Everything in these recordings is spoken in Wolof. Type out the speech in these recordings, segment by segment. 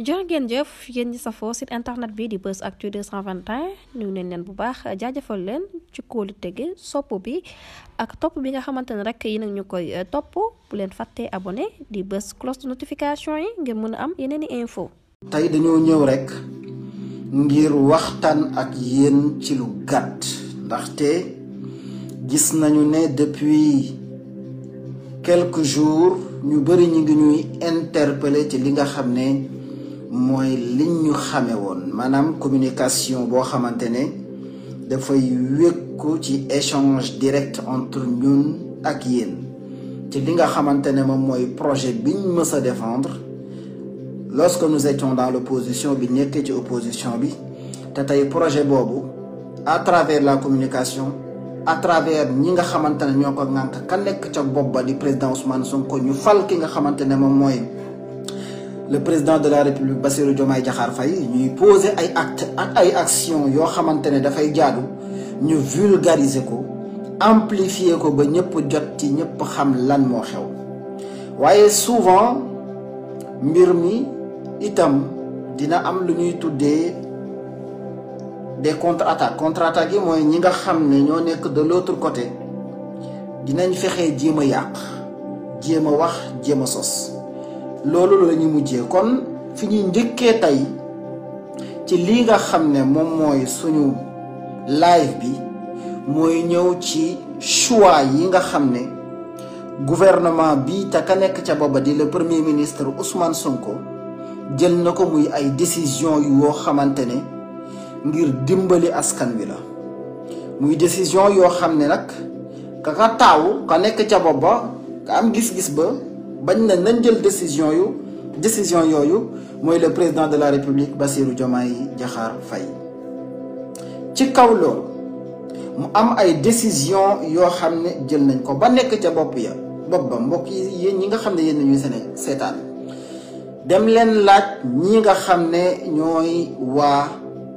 jërë ngeen jëf yéen sa safoo site internet bi di bës Actu 221 ñu neen leen bu baax jaajëfal leen ci kóolu tege sopp bi ak topp bi nga xamante ne rek yi nag ñu koy eh, topp bu leen fàttee abone di bës cloche de notification yi ngir mën a am yeneen i info tey dañoo ñëw rek ngir waxtaan ak yéen ci lu gàtt ndaxte gis nañu ne depuis quelques jours ñu bëri ñu ngi ñuy interpeller ci li nga xam ne mooy liñ ñu xamee woon maanaam communication boo xamante ne dafay wékku ci échange direct entre ñun ak yéen ci li nga xamante ne moom mooy projet biñ mës a défendre lorsque nous étions dans l'opposition bi nekkee ci opposition bi te tey projet boobu à travers la communication à travers ñi nga xamante ne ñoo ko ŋànk ka nekk ca bopp ba di président Ousmane Sonko ñu fal ki nga xamante ne moom mooy le président de la république Bassirou Diomaye Diakhar fay ñuy poser ay acte ak ay action yoo xamante ne dafay jaadu ñu vulgariser ko amplifier ko ba ñëpp jot ci ñëpp xam lan moo xew waaye souvent mbir mi itam dina am lu ñuy tuddee des contre-attaques contre-attaques yi mooy ñi nga xam ne ñoo nekk de l'autre côté dinañ fexe jéem a yàq jéem a wax jéem a sos loolu lañu mujjee kon fi ñuy njëkkee tey ci lii nga xam ne moom mooy suñu live bi mooy ñëw ci choix yi nga xam ne gouvernement bi te ka nekk ca booba di le premier ministre Ousmane Sonko jël na ko muy ay décision yoo xamante ne ngir dimbali askan wi la muy décision yoo xam ne nag ka ka taaw ka nekk ca booba ka am gis-gis ba bañ na nañ jël décision yu décision yooyu mooy le président de la république Bassirou yi Diakhar fay ci kaw loolu mu am ay décision yoo xam ne jël nañ ko ba nekk ca bopp ya bopp ba mbokk yi yéen ñi nga xam ne yéen nañuy sene seetaan dem leen laaj ñi nga xam ne ñooy waa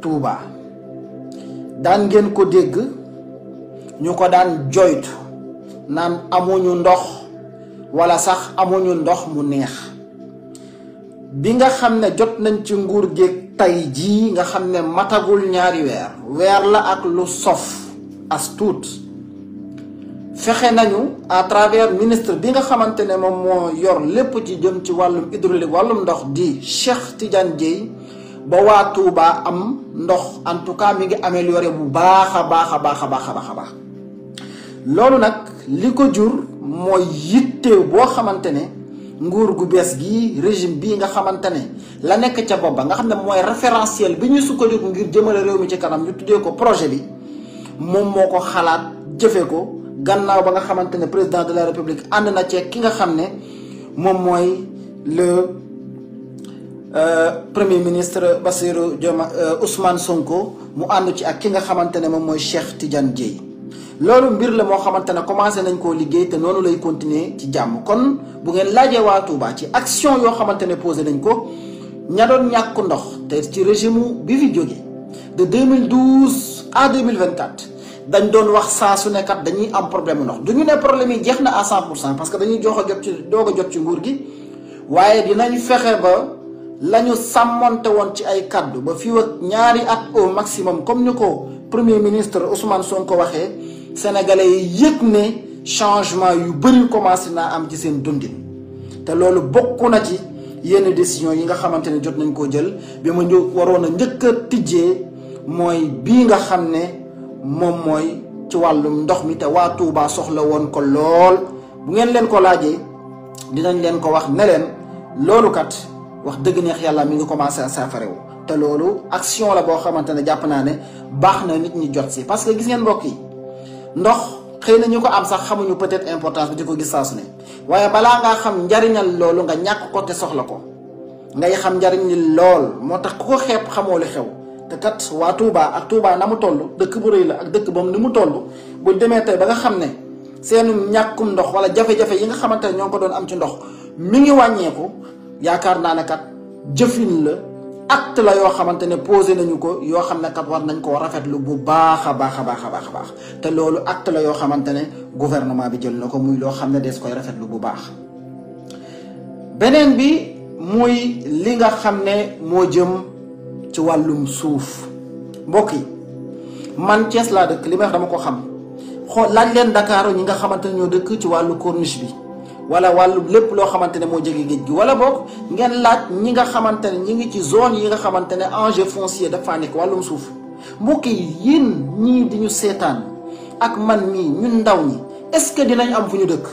tuubaa daan ngeen ko dégg ñu ko daan joytu naan amuñu ndox wala sax amuñu ndox mu neex bi nga xam ne jot nañ ci nguur géeg tay jii nga xam ne matagul ñaari weer weer la ak lu sof as fexe nañu à travers ministre bi nga xamante ne moom moo yor lépp ci jëm ci wàllum hydraulique wàllum ndox di Cheikh Tidiane Dieye ba waa Touba am ndox en tout cas mi ngi amélioré bu baax a baax a baax a baax a baax a baax loolu nag li ko jur mooy yitte boo xamante ne nguur gu bees gi régime bii nga xamante ne la nekk ca bopp ba nga xam ne mooy référentiel bi ñu sukkandiku ngir jëmale réew mi ci kanam ñu tuddee ko projet bi moom moo ko xalaat jëfe ko gannaaw ba nga xamante ne président de la république ànd na ci ki nga xam ne moom mooy le euh, premier ministre Bassirou Diomaye euh, Ousmane Sonko mu ànd ci ak ki nga xamante ne moom mooy Cheikh Tidiane Dièye loolu mbir la moo xamante ne commencé nañ koo liggéey te noonu lay continuer ci jàmm kon bu ngeen laajee waa Touba ci action yoo xamante ne posé nañ ko ña doon ñàkk ndox te ci régime bi fi jóge de 2012 à 2024 dañ doon wax saa su nekkat dañuy am problème ndox du ñu ne problème yi jeex na à 100 pour cent parce que dañuy jox a jot ci doog a jot ci nguur gi waaye dinañ fexe ba lañu sàmmante woon ci ay kàddu ba fii ak ñaari at au maximum comme ni ko premier ministre Ousmane ko waxee. sénégalais yi yëg ne changement yu bëri commencé naa am ci seen dundin te loolu bokk na ci yenn décision yi nga xamante ne jot nañ koo jël bi ma ñu waroon a njëkk a tijjee mooy bii nga xam ne moom mooy ci wàllum ndox mi te waa Touba soxla woon ko lool bu ngeen leen ko laajee dinañ leen ko wax ne leen loolu kat wax dëgg neex yàlla mi ngi commencé à saafara wu te loolu action la boo xamante ne jàpp naa ne baax na nit ñi jot si parce que gis ngeen mbokk yi ndox xëy nañu ko am sax xamuñu peut-être importance bi di ko gis saa su ne waaye balaa ngaa xam njariñal loolu nga ñàkk ko te soxla ko ngay xam njariñ li lool moo tax ku ko xeeb xamoo li xew te kat waa Touba ak Touba na mu toll dëkk bu rëy la ak dëkk boobu ni mu toll bu demee tey ba nga xam ne seenu ñàkkum ndox wala jafe-jafe yi nga xamante ne ñoo ngi ko doon am ci ndox mu ngi wàññeeku yaakaar naa ne kat jëfin la. acte la yoo xamante ne posé nañu ko yoo xam ne kat war nañ ko koo rafetlu bu baax a baax a baax a baax a baax te loolu acte la yoo xamante ne gouvernement bi jël na ko muy loo xam ne des koy rafetlu bu baax beneen bi muy li nga xam ne moo jëm ci wàllum suuf mbokk yi man cees laa dëkk li may wax dama ko xam xool laaj leen Dakar ñi nga xamante ne ñoo dëkk ci wàllu corniche bi wala wàllu lépp loo xamante ne moo jege géej gi wala boog ngeen laaj ñi nga xamante ne ñi ngi ci zone yi nga xamante ne enjeu foncier dafa nekk wàllum suuf mbokk yi yéen ñii di ñu seetaan ak man mii ñun ndaw ñi est-ce que dinañ am fu ñu dëkk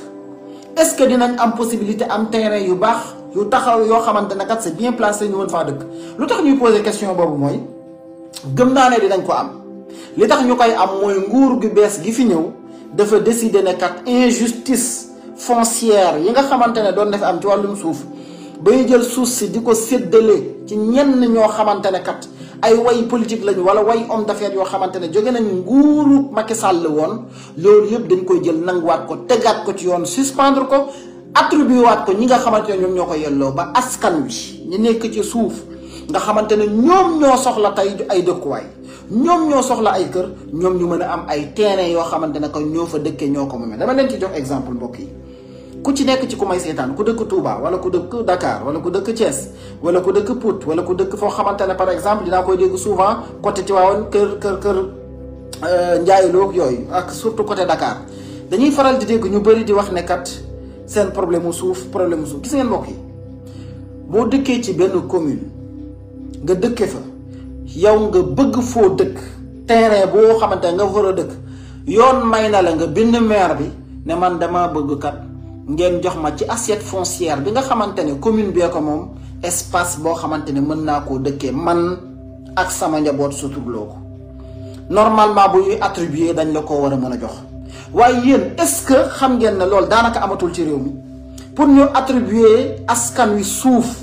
est-ce que dinañ am possibilité am terrain yu baax yu taxaw yoo xamante ne kat c'est bien placé ñu woon faa dëkk lu tax ñuy poser question boobu mooy gëm naa ne dinañ ko am li tax ñu koy am mooy nguur gu bees gi fi ñëw dafa décider ne kat injustice. foncière yi nga xamante ne doon def am ci wàllum suuf bay jël suuf si di ko séddale ci ñenn ñoo xamante ne kat ay way politique lañu wala way homme d'affaires yoo xamante ne jóge nañ nguuru Macky Sall woon loolu yëpp dañ koy jël nanguwaat ko tegaat ko ci yoon suspendre ko attribué ko ñi nga xamante ne ñoom ñoo ko yelloo ba askan wi ñu nekk ci suuf nga xamante ne ñoom ñoo soxla tey ay dëkkuwaay ñoom ñoo soxla ay kër ñoom ñu mën a am ay terrain yoo xamante ne ko ñoo fa dëkkee ñoo ko moomee dama leen ci jox exemple mbokk yi. ku ci nekk ci ku may seetaan ku dëkk Touba wala ku dëkk Dakar wala ku dëkk Thiès wala ku dëkk Pout wala ku dëkk foo xamante ne par exemple dinaa koy dégg souvent côté Tivaouane kër kër kër euh, Ndiayeloo yooyu ak surtout côté Dakar dañuy faral di dégg ñu bëri di wax ne kat seen problème mu suuf problème mu suuf gis ngeen mbokk yi boo dëkkee ci benn commune nga dëkke fa yow nga bëgg foo dëkk terrain boo xamante nga war a dëkk yoon may na la nga bind maire bi ne man dama bëgg kat. ngeen jox ma ci assiette foncière bi nga xamante ne commune bee ko moom espace boo xamante ne mën naa koo dëkkee man ak sama njaboot suturloo ko normalement bu ñuy attribuer dañ la ko war a mën a jox waaye yéen est-ce que xam ngeen ne loolu daanaka amatul ci réew mi pour ñu attribuer askan wi suuf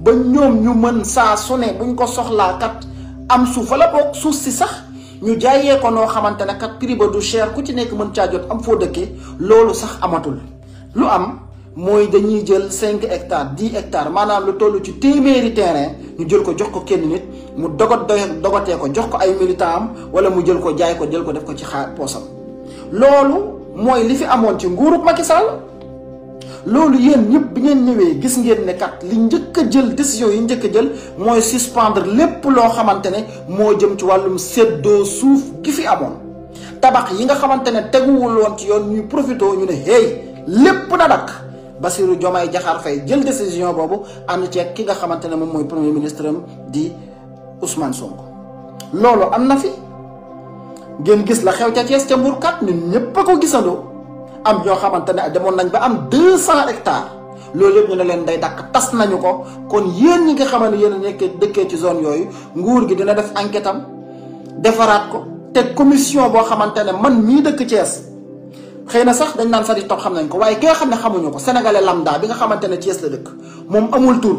ba ñoom ñu mën saa su ne buñ ko soxlaa kat am suuf wala boog suuf si sax ñu jaayee ko noo xamante ne kat prix ba du cher ku ci nekk mën caa jot am foo dëkkee loolu sax amatul. lu am mooy dañuy jël cinq hectares di hectares maanaam lu toll ci téeméeri terrain ñu jël ko jox ko kenn nit mu dogot dogotee ko jox ko ay militant am wala mu jël ko jaay ko jël ko def ko ci xaar poosam loolu mooy li fi amoon ci nguurub Macky Sall loolu yéen ñëpp bi ngeen ñëwee gis ngeen ne kat li njëkk jël décision yi njëkk a jël mooy suspendre lépp loo xamante ne moo jëm ci wàllum séddoo suuf ki fi amoon tabax yi nga xamante ne teguwul woon ci yoon ñuy profité ñu ne hey lépp na dakk Bassirou Diomaye Diakhar Faye jël décision boobu ànd ceeg ki nga xamante ne moom mooy premier ministre am di Ousmane loolu am na fi ngeen gis la xew ca Thiès ca Mbourkat ñun ñëpp a ko gisandoo am ñoo xamante ne demoon nañ ba am deux cent hectares loolu yëpp ñu ne leen day dakk tas nañu ko kon yéen ñi nga xamante ne yéen nekk dëkkee ci zone yooyu nguur gi dina def enquête am defaraat ko te commission boo xamante ne man mii dëkk Thiès. xëy na sax dañ naan sari top xam nañ ko waaye ki nga xam ne xamuñu ko sénégalais lambda bi nga xamante ne Thiès la dëkk moom amul tur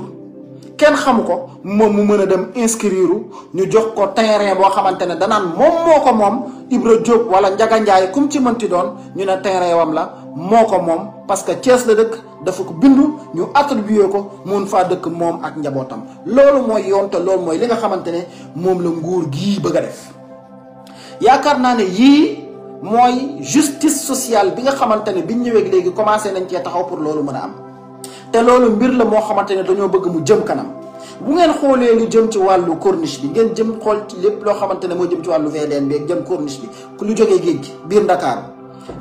kenn xamu ko moom mu mën a dem inscrire ñu jox ko terrain boo xamante ne danaan moom moo ko moom Ibra Diop wala Njaga Njaay kum ci mënti doon ñu ne terrain wam la moo ko moom parce que Thiès la dëkk dafa ko bindu ñu attribué ko mun faa dëkk moom ak njabootam loolu mooy yoon te loolu mooy li nga xamante ne moom la nguur gii bëgg a def yaakaar naa ne yii mooy justice sociale bi nga xamante ne biñ ñëweek léegi commencé nañ cee taxaw pour loolu mën a am te loolu mbir la moo xamante ne dañoo bëgg mu jëm kanam bu ngeen xoolee ni jëm ci wàllu corniche bi ngeen jëm xool ci lépp loo xamante ne moo jëm ci wàllu VDN bi ak jëm corniche bi ku lu jógee géej gi biir Ndakaaru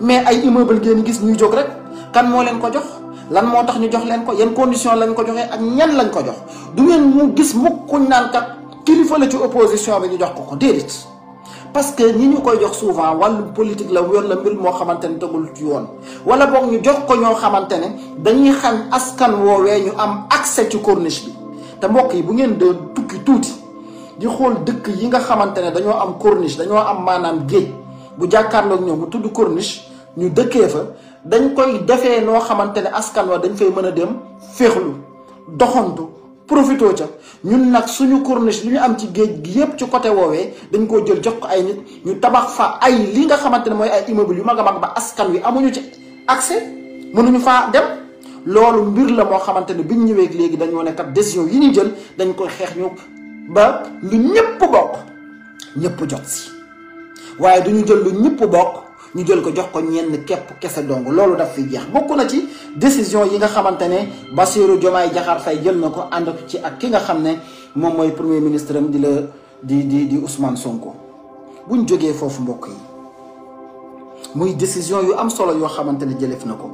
mais ay immeuble ngeen gis ñuy jóg rek kan moo leen ko jox lan moo tax ñu jox leen ko yan condition lañ ko joxee ak ñan lañ ko jox du ngeen mu gis mukk kuñ naan kat kilifa la ci opposition bi ñu jox ko ko déedéet parce que ñi ñu koy jox souvent wàllu politique la yoon la mbir moo xamante ne tegul ci yoon wala boog ñu jox ko ñoo xamante ne dañuy xam askan woowee ñu am accès ci corniche bi te mbokk yi bu ngeen doon tukki tuuti di xool dëkk yi nga xamante ne dañoo am corniche dañoo am maanaam géej bu jàkkaarloog ñoom bu tudd corniche ñu dëkkee fa dañ koy defee noo xamante ne askan wa dañ fay mën a dem féexlu doxantu. profitoo ca ñun nag suñu corniche lu ñu am ci géej gi yépp ci côté woowee dañ koo jël jox ko ay nit ñu tabax fa ay li nga xamante ne mooy ay immeuble yu mag a ba askan wi amuñu ci accès mënuñu faa dem loolu mbir la moo xamante ne biñ ñëwee léegi dañoo ne kat décision yi ñu jël dañ koy xeex ñu ba lu ñëpp bokk ñëpp jot si waaye duñu jël lu ñëpp bokk ñu jël ko jox ko ñenn képp kese dong loolu daf fi jeex bokk na ci décision yi nga xamante ne Bassirou Diomaye Diakhar Faye jël na ko ànd ci ak ki nga xam ne moom mooy premier ministre am di la di di di Ousmane Sonko buñ jógee foofu mbokk yi muy décision yu am solo yoo xamante ne jëlef na ko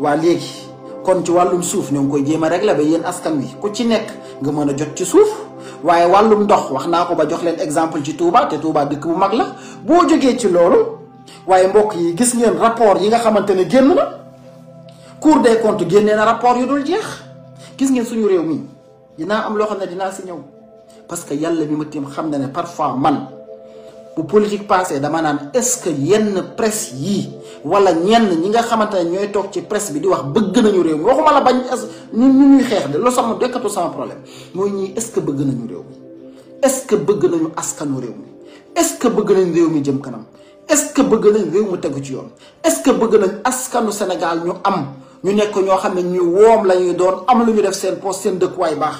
waa léegi kon ci wàllum suuf ñoo ngi koy jéem a la ba yéen askan wi ku ci nekk nga mën a jot ci suuf waaye wàllum ndox wax naa ko ba jox leen exemple ci Touba te Touba dëkk bu mag la boo jógee ci loolu. waaye mbokk yi gis ngeen rapport yi nga xamante ne génn na cour des comptes génnee na rapport yu dul jeex gis ngeen suñu réew mi dinaa am loo xam ne dinaa si ñëw parce que yàlla bi ma tiim xam na ne parfois man bu politique passé dama naan est-ce que yenn presse yii wala ñenn ñi nga xamante ne ñooy toog ci presse bi di wax bëgg nañu réew mi waxuma la bañ ñu ñu ñuy xeex de loo sama dekkatu sans problème mooy ñii est-ce que bëgg nañu réew mi est-ce que bëgg nañu askanu réew mi est-ce que bëgg nañu réew mi jëm kanam est-ce que bëgg nañ réew mu tegu ci yoon est-ce que bëgg nañ askanu Sénégal ñu am ñu nekk ñoo xam ne ñu woom la ñuy doon am lu ñu def seen poste seen dëkkuwaay baax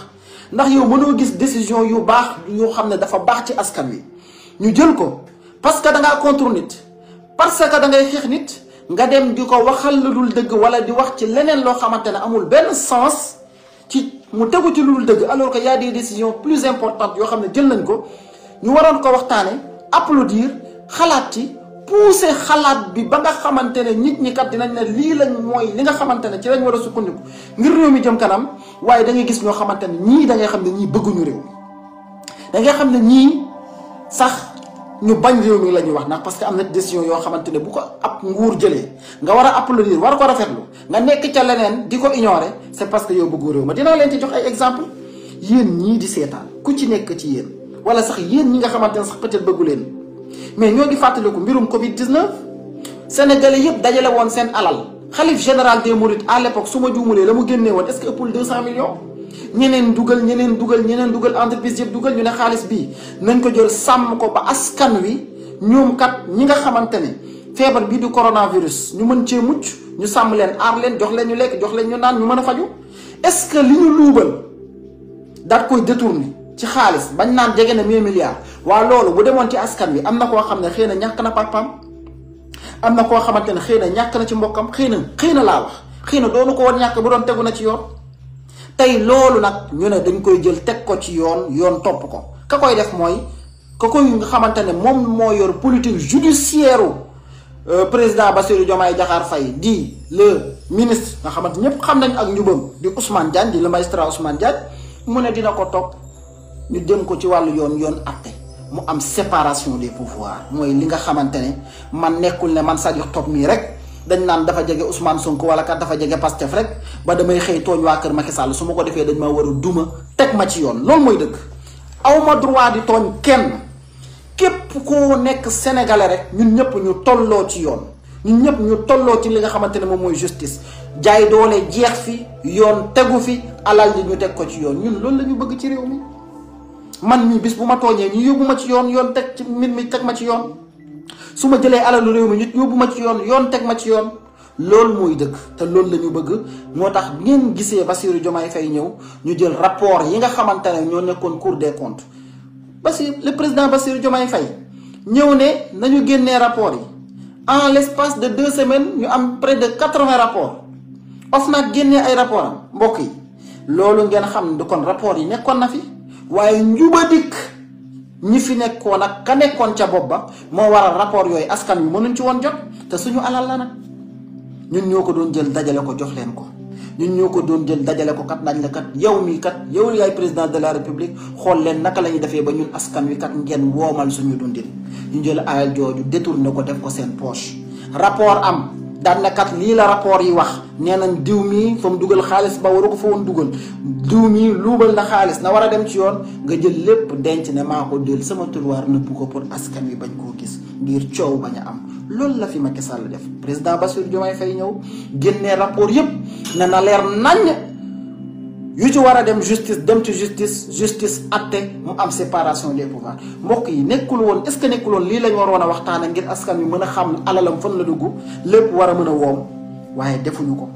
ndax yow mënoo gis décision yu baax yoo xam ne dafa baax ci askan wi ñu jël ko parce que da ngaa parce que da ngay xeex nit nga dem di ko waxal lu dul dëgg wala di wax ci leneen loo xamante ne amul benn sens ci mu tegu ci lu dul dëgg alors que y a des décisions plus importantes yoo xam ne jël nañ ko ñu waroon ko waxtaane applaudir xalaat ci pousser xalaat bi ba nga xamante ne nit ñi kat dinañ ne lii lañ mooy li nga xamante ne ci lañ war a sukkandiku ngir réew mi jëm kanam waaye da ngay gis ñoo xamante ne ñii da ngay xam ne ñii bëgguñu réew da xam ne ñii sax ñu bañ réew mi la wax ndax parce que am na décision yoo xamante ne bu ko ab nguur jëlee nga war a applaudir war ko rafet rafetlu nga nekk ca leneen di ko ignorer c'est parce que yow bëggu réew ma dinaa leen ci jox ay exemple yéen ñii di seetaan ku ci nekk ci yéen wala sax yéen ñi nga xamante ne sax peut-être bëggu leen mais ñoo ngi fàttaliku mbirum Covid 19 sénégalais yëpp dajale woon seen alal xalif général des Mourides à l'époque su ma juumalee la mu génnee woon est-ce que ëppul 200 millions. ñeneen dugal ñeneen dugal ñeneen dugal entreprise yëpp dugal ñu ne xaalis bi nañ ko jël sàmm ko ba askan wi ñoom kat ñi nga xamante ne feebar bii du coronavirus ñu mën cee mucc ñu sàmm leen aar leen jox leen ñu lekk jox leen ñu naan ñu mën a faju est-ce que li ñu luubal daat koy détourner. ci xaalis bañ naan jege na 1000 milliards waa loolu bu demoon ci askan wi am na koo xam ne xëy na ñàkk na papaam am na koo xamante ne xëy na ñàkk na ci mbokkam xëy na xëy na laa wax xëy na doonu ko ñàkk bu doon tegu na ci yoon tey loolu nag ñu ne dañ koy jël teg ko ci yoon yoon topp ko ka koy def mooy ka koy nga xamante ne moom moo yor politique judiciaire euh, président Bassirou Diomaye jakaar fay di le ministre nga xamante ñëpp xam nañ ak njubam di Ousmane Diagne di le magistrat Ousmane Diagne mu ne dina ko topp ñu jëm ko ci wàllu yoon yoon atte mu am séparation des pouvoirs mooy li nga xamante ne man nekkul ne man Sadikh Top mii rek dañ naan dafa jege Ousmane Sonko wala kat dafa jege Pastef rek ba damay xëy tooñ waa kër Macky sàll su ma ko defee dañ ma war a duma teg ma ci yoon loolu mooy dëkk aw droit di tooñ kenn képp koo nekk sénégalais rek ñun ñëpp ñu tolloo ci yoon ñun ñëpp ñu tolloo ci li nga xamante ne moom mooy justice jaay doole jeex fi yoon tegu fi alal di ñu teg ko ci yoon ñun loolu la ñu bëgg ci réew mi. man mii bis bu ma tooñee ñu yóbbu ci yoon yoon teg ci mbir mi teg ma ci yoon su ma jëlee alalu réew mi ñu yóbbu ma ci yoon yoon teg ma ci yoon loolu mooy dëkk te loolu la bëgg moo tax ngeen gisee Bassirou Diomaye fay ñëw ñu jël rapport yi nga xamante ne ñoo nekkoon Cour des comptes Bassirou le président Bassirou Diomaye Faye ñëw ne nañu génnee rapport yi en l'espace de deux semaines ñu am près de mais rapport rapports OFNAC génnee ay rapport am mbokk yi loolu ngeen xam ne kon rapport yi nekkoon na fi waaye njuba dikk ñi fi nekkoon ak ka nekkoon ca bopp ba moo waral rapport yooyu askan wi mënuñ ci woon jot te suñu alal la nag ñun ñoo ko doon jël dajale ko jox leen ko ñun ñoo ko doon jël dajale ko kat nañ la kat yow mii kat yow yaay président de la république xool leen naka la ñuy defee ba ñun askan wi kat ngeen woomal suñu dundin ñu jël alal jooju détourné ko def ko seen poche rapport am. daan na kat lii la rapport yi wax nee nañ diw mii fa mu dugal xaalis ba waru ko fa woon dugal diw mii luubal na xaalis na war a dem ci yoon nga jël lépp denc ne maa ko jël sama tulwaar nëbbu ko pour askan wi bañ koo gis ngir coow bañ a am loolu la fi ma Sall def président ba Bassirou Diomaye Faye ñëw génnee rapport yépp ne na leer nañ yu ci war a dem justice dem ci justice justice atte mu am séparation des pouvoirs mbokk yi nekkul woon est-ce que nekkul woon lii lañ waroon a waxtaana ngir askan mi mën a xam alalam fan la dugg lépp war a mën a woom waaye defuñu ko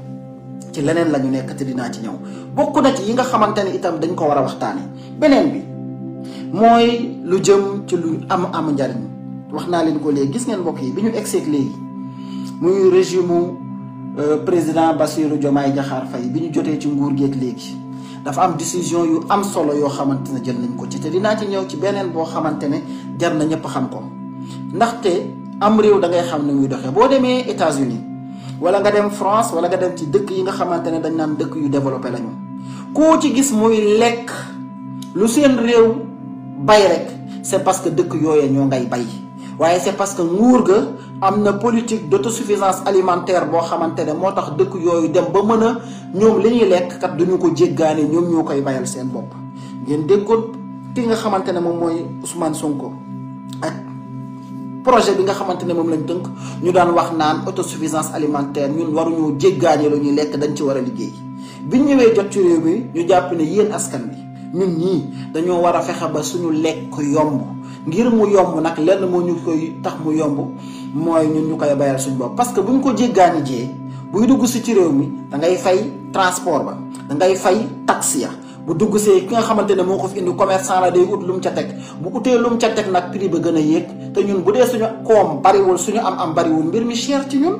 ci leneen la ñu nekk te dinaa ci ñëw bokk na ci yi nga xamante ne itam dañ ko war a waxtaane beneen bi mooy lu jëm ci lu am am njariñ wax naa leen ko léegi gis ngeen mbokk yi bi ñu egseeg léegi muy régime euh, président Bassirou Diomaye Diakhar Faye bi ñu jotee ci nguur geeg léegi dafa am décision yu am solo yoo xamante ne jël nañ ko ci te dinaa ci ñëw ci beneen boo xamante ne jar na ñëpp xam ko ndaxte am réew da ngay xam ne muy doxee boo demee États-Unis wala nga dem France wala nga dem ci dëkk yi nga xamante ne dañ naan dëkk yu développé lañu koo ci gis muy lekk lu seen réew bay rek c'est parce que dëkk yooya ñoo ngay bay waaye c'est parce nguur ga am na politique d'autosuffisance alimentaire boo xamante ne moo tax dëkk yooyu dem ba mën a ñoom li ñuy lekk kat duñu ko jéggaane ñoom ñoo koy bayal seen bopp ngeen déggoon ki nga xamante ne moom mooy Ousmane Sonko ak projet bi nga xamante ne moom lañ tënk ñu daan wax naan autosuffisance alimentaire ñun waruñu jéggaane lu ñuy lekk dañ ci war a liggéey bi ñëwee jot ci réew bi ñu jàpp ne yéen askan bi ñun ñii dañoo war a fexe ba suñu lekk yomb ngir mu yomb nag lenn moo ñu koy tax mu yomb mooy ñun ñu koy bayal suñu bopp parce que bu ñu ko jéggaani jee buy dugg si ci réew mi dangay fay transport ba dangay fay taxi ya bu dugg see ki nga xamante ne moo ko fi indi commerçant la day ut lu ca teg bu utee lu mu ca teg nag ba gën a yéeg te ñun bu dee suñu koom bariwul suñu am-am bariwul mbir mi cher ci ñun.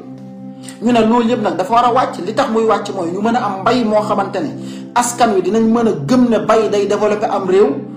ñu ne loolu yëpp nag dafa war a wàcc li tax muy wàcc mooy ñu mën a am mbay moo xamante ne askan wi dinañ mën a gëm ne bay day développé am réew.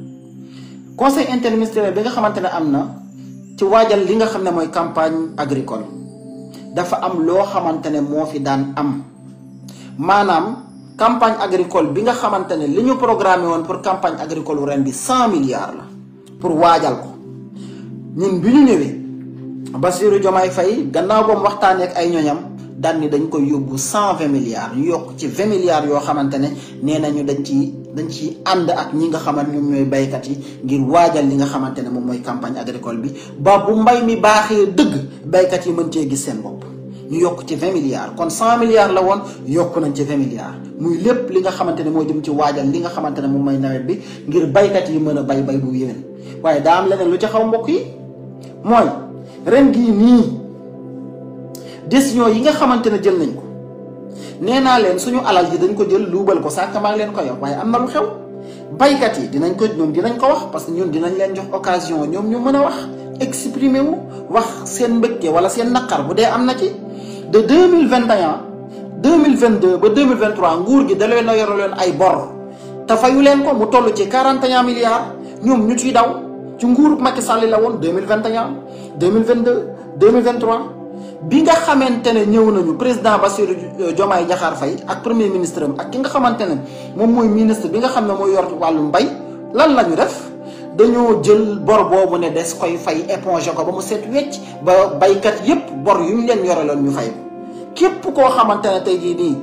conseil interministériel bi nga xamante ne am na ci waajal li nga xam ne mooy campagne agricole dafa am loo xamante ne moo fi daan am maanaam campagne agricole bi nga xamante ne li ñu programmé woon pour campagne agricole ren bi cent milliards la pour waajal ko ñun bi ñu ñëwee Bassirou Diomaye Faye gannaaw ba mu waxtaanee ay ñoñam daan ni dañ koy yóbbu cent vingt milliards ñu yokk ci vingt milliards yoo xamante ne nee nañu dañ ci nañ ci ànd ak ñi nga xamante ñoom ñooy baykat yi ngir waajal li nga xamante ne moom mooy campagne agricole bi ba bu mbay mi baaxee dëgg baykat yi mën cee gis seen bopp ñu yokk ci 20 milliards kon 100 milliards la woon yokk nañ ci 20 milliards muy lépp li nga xamante ne moo jëm ci waajal li nga xamante ne moom mooy nawet bi ngir baykat yi mën a bay bay bu yéwén waaye daa am leneen lu ci xaw mbokk yi mooy ren gii nii décision yi nga xamante ne jël nañ ko nee naa leen suñu alal dañ ko jël luubal ko sànq maa leen ko wax waaye am na lu xew baykat yi dinañ ko ñoom dinañ ko wax parce que ñun dinañ leen jox occasion ñoom ñu mën a wax exprimer wax seen mbëgte wala seen naqar bu dee am na ci de deux mille vingt et un mille vingt deux ba deux mille vingt trois nguur gi da leen a yore leen ay bor te fayu leen ko mu toll ci quarante et un milliards ñoom ñu ciy daw ci nguuru Macky Sall la woon deux mille vingt et un deux mille vingt deux bi nga xamante ne ñëw nañu président Bassirou Diomaye Diakhar fay ak premier ministre am ak ki nga xamante ne moom mooy ministre bi nga xam ne moo yor wàllu mbay lan la ñu def dañoo jël bor boobu ne des koy fay éponger ko ba mu set wecc ba baykat yépp bor yu ñu leen yore yoreloon ñu fay ko képp koo xamante ne tey jii nii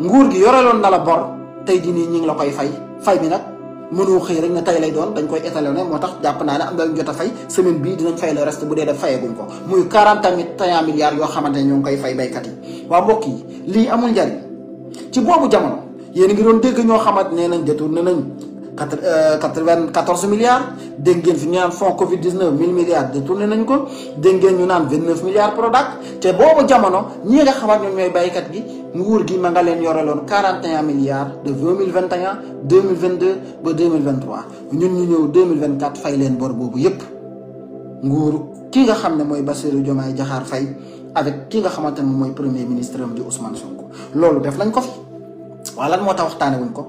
nguur gi yoreloon na la bor tey jii nii ñu ngi la koy fay fay bi nag mënoo xëy rek na tay lay doon dañ koy étalonné moo tax jàpp naa ne am na jot a fay semaine bii dinañ fay le reste bu dee def fayeguñ ko muy 40 milliards yoo xamante ne ñoo ngi koy fay baykat yi waa mbokk yi lii amul njariñ ci boobu jamono yéen ngi doon dégg ñoo xamante ne nañ détourné nañ quatre euh, quatre vingt quatorze milliards dégg ngeen fi ñu naan fonds Covid 19 mille milliards détourné nañ ko dégg ngeen ñu naan vingt neuf milliards Prodac te boobu jamono ñi nga xamante ñoom ñooy baykat gi nguur gi ma nga leen yoreloon quarante et un milliards de deux mille vingt et un deux mille vingt ba deux ñu ñëw deux mille vingt quatre fay leen bor boobu nguur ki nga xam ne mooy Bassirou Diomaye Diakhar fay avec ki nga xamante ne mooy premier ministre am di Ousmane Sonko loolu def nañ ko fi waaw lan moo tax waxtaane wuñ ko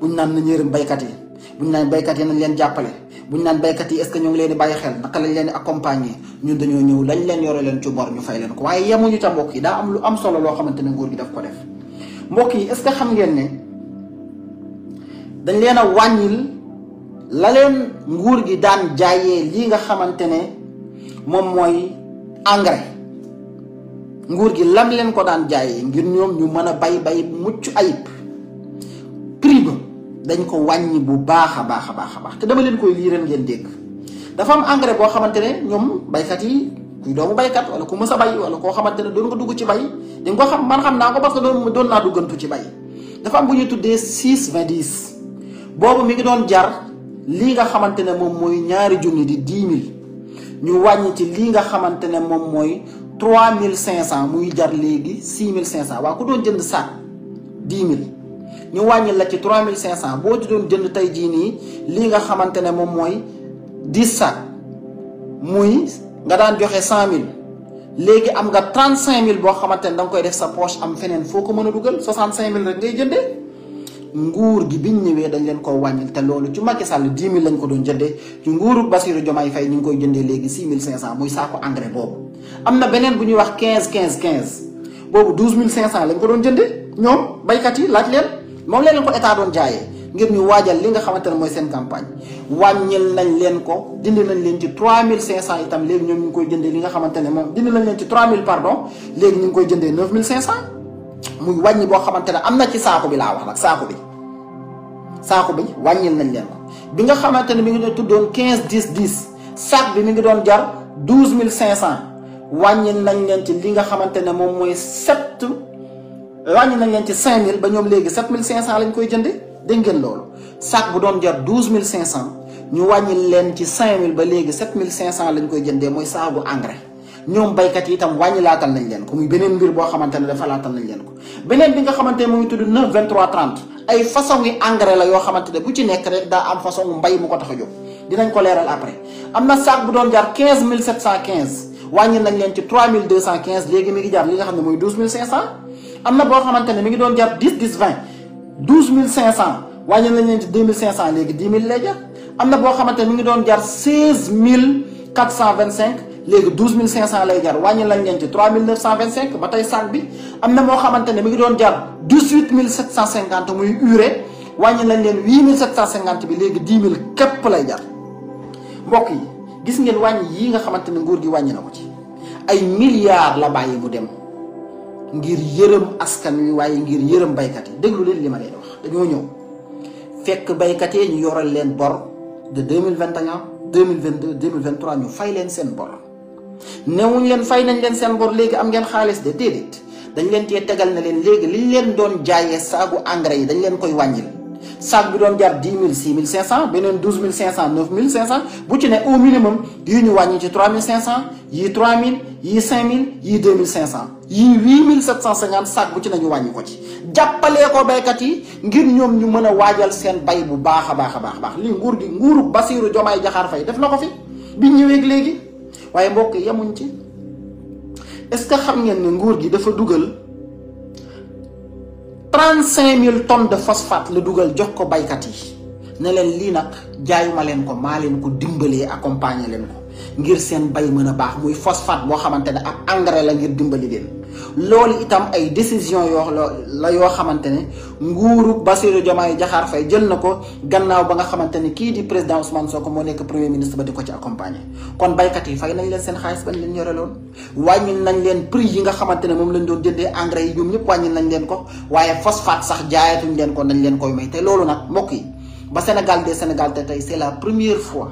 buñ naan na ñërëm baykat yi. bu ñu naan béykat yi nañ leen jàppale bu ñu naan béykat yi est ce que ngi leen di bàyyi xel naka lañ leen di accompagner ñun dañoo ñëw lañ leen yore leen ci bor ñu fay leen ko waaye yemuñu ta mbokk yi daa am lu am solo loo xamante ne nguur gi daf ko mbokk yi est que xam ngeen ne dañ leen a wàññil la leen nguur gi daan jaayee lii nga xamante ne moom mooy engrais nguur gi lam leen ko daan jaayee ngir ñoom ñu mën a bay bay mucc ayib dañ ko wàññi bu baax a baax a baax a baax te dama leen koy liiral ngeen dégg dafa am engrais boo xamante ne ñoom baykat yi kuy doomu baykat wala ku mës a bay wala koo xamante ne doon ko dugg ci bay di nga xam man xam naa ko parce que doon doon naa duggantu ci bay dafa am bu ñuy tuddee six vingt dix boobu mi ngi doon jar lii nga xamante ne moom mooy ñaari junni di dix mille ñu wàññi ci lii nga xamante ne moom mooy trois mille cinq cent muy jar léegi six mille cinq cent waaw ku doon jënd sac dix mille ñu wàññi la ci 3500 boo di doon jënd tey jii nii lii nga xamante ne moom mooy 10 sacs muy nga daan joxe 100000 léegi am nga 35000 boo xamante ne da nga koy def sa poche am feneen ko mën a dugal 65000 rek ngay jëndee nguur gi biñ ñëwee dañ leen ko wàññil te loolu ci Macky Sall 10000 lañ ko doon jëndee ci nguuru Bassirou Diomaye Faye ñu ngi koy jëndee léegi 6500 muy saako engrais boobu am na beneen bu ñuy wax 15 quinze 15 boobu 12500 lañ ko doon jëndee ñoom baykat yi laaj leen. moom leen ko état doon jaayee ngir ñu waajal li nga xamante ne mooy seen campagne wàññil nañ leen ko dindi nañ leen ci mille 3500 itam léegi ñoom ñu ngi koy jëndee li nga xamante ne moom dindi nañ leen ci 3000 pardon léegi ñu ngi koy jëndee 9500 muy wàññi boo xamante ne am na ci saako bi laa wax saako bi saako bi wàññil nañ leen bi nga xamante ne mi ngi doon tuddoon 15 10 10 sac bi ngi doon jar 12500 wàññil nañ leen ci li nga xamante ne moom mooy 7. wàññi nañ leen ci 5000 ba ñoom léegi 7500 lañ koy jënde dégg ngeen ñu wàññi leen ci 5000 ba léegi 7500 lañ koy jëndee mooy saagu engrais ñoom baykat yi itam wàññi laatal nañ leen ko muy beneen mbir boo xamante ne dafa nga xamante ne mu ngi tudd am façon mbay mu ko tax a jóg dinañ ko leeral après am na boo xamante ne mi ngi doon jar 10 10 20 12500 wàññi nañ leen ci 2500 léegi 10 000 lay jar am na boo xamante ne mi ngi doon jar 16425 léegi 12500 lay jar wàññi nañ leen ci 3925 ba tey sac bi am na moo xamante ne mi ngi doon jar 18750 muy urée wàññi nañ leen 8750 bi léegi 10 000 képp lay jar mbokk yi gis ngeen wàññi yii nga xamante ne nguur gi wàññi na ko ci ay milliards la bàyyee mu dem. ngir yërëm askan wi waaye ngir yërëm baykat yi déglu leen li ma leen wax dañoo ñëw fekk baykat yi ñu yoral leen bor de deux mille vingt et un deux mille vingt deux deux mille vingt trois ñu fay leen seen bor newuñ leen fay nañ leen seen bor léegi am ngeen xaalis de déedéet dañ leen cee tegal na leen léegi liñ leen doon jaayee saagu engrais yi dañ leen koy wàññil. sac bi doon jar 10 000 6 500 beneen 12 500 9 500 bu ci ne au minimum yii ñu wàññi ci 3 500 yii 3 000 yii 5 000 yii 2 500 yii 8 750 sac bu ci ne ñu wàññi ko ci. jàppalee ko baykat yi ngir ñoom ñu mën a waajal seen bay bu baax a baax a baax li nguur gi nguuru Basiiru Jomaay Jaxaar Fay def na ko fi bi ñëwee léegi waaye mbokk yemuñ ci est-ce que xam ngeen ne nguur gi dafa dugal. 35 000 tonnes de phosphate la dugal jox ko baykat yi ne leen lii nag jaayuma leen ko maa leen ko dimbalee accompagner leen ko ngir seen bay mën a baax muy phosphate boo xamante ne ab engrais la ngir dimbali leen. loolu itam ay décision yoo la yoo xamante ne nguuru Bassirou yi jaxaar fay jël na ko gannaaw ba nga xamante ne kii di président soo ko moo nekk premier ministre ba di ko ci accompagner kon baykat yi fay nañ leen seen xaalis bañ leen yoreloon wàññil nañ leen prix yi nga xamante ne moom lañ doon jëndee engrais yi ñoom ñëpp wàññil nañ leen ko waaye phosphate sax jaayatuñ leen ko nañ leen koy may te loolu nag mbokk yi ba Sénégal de Sénégal te tey c'est la première fois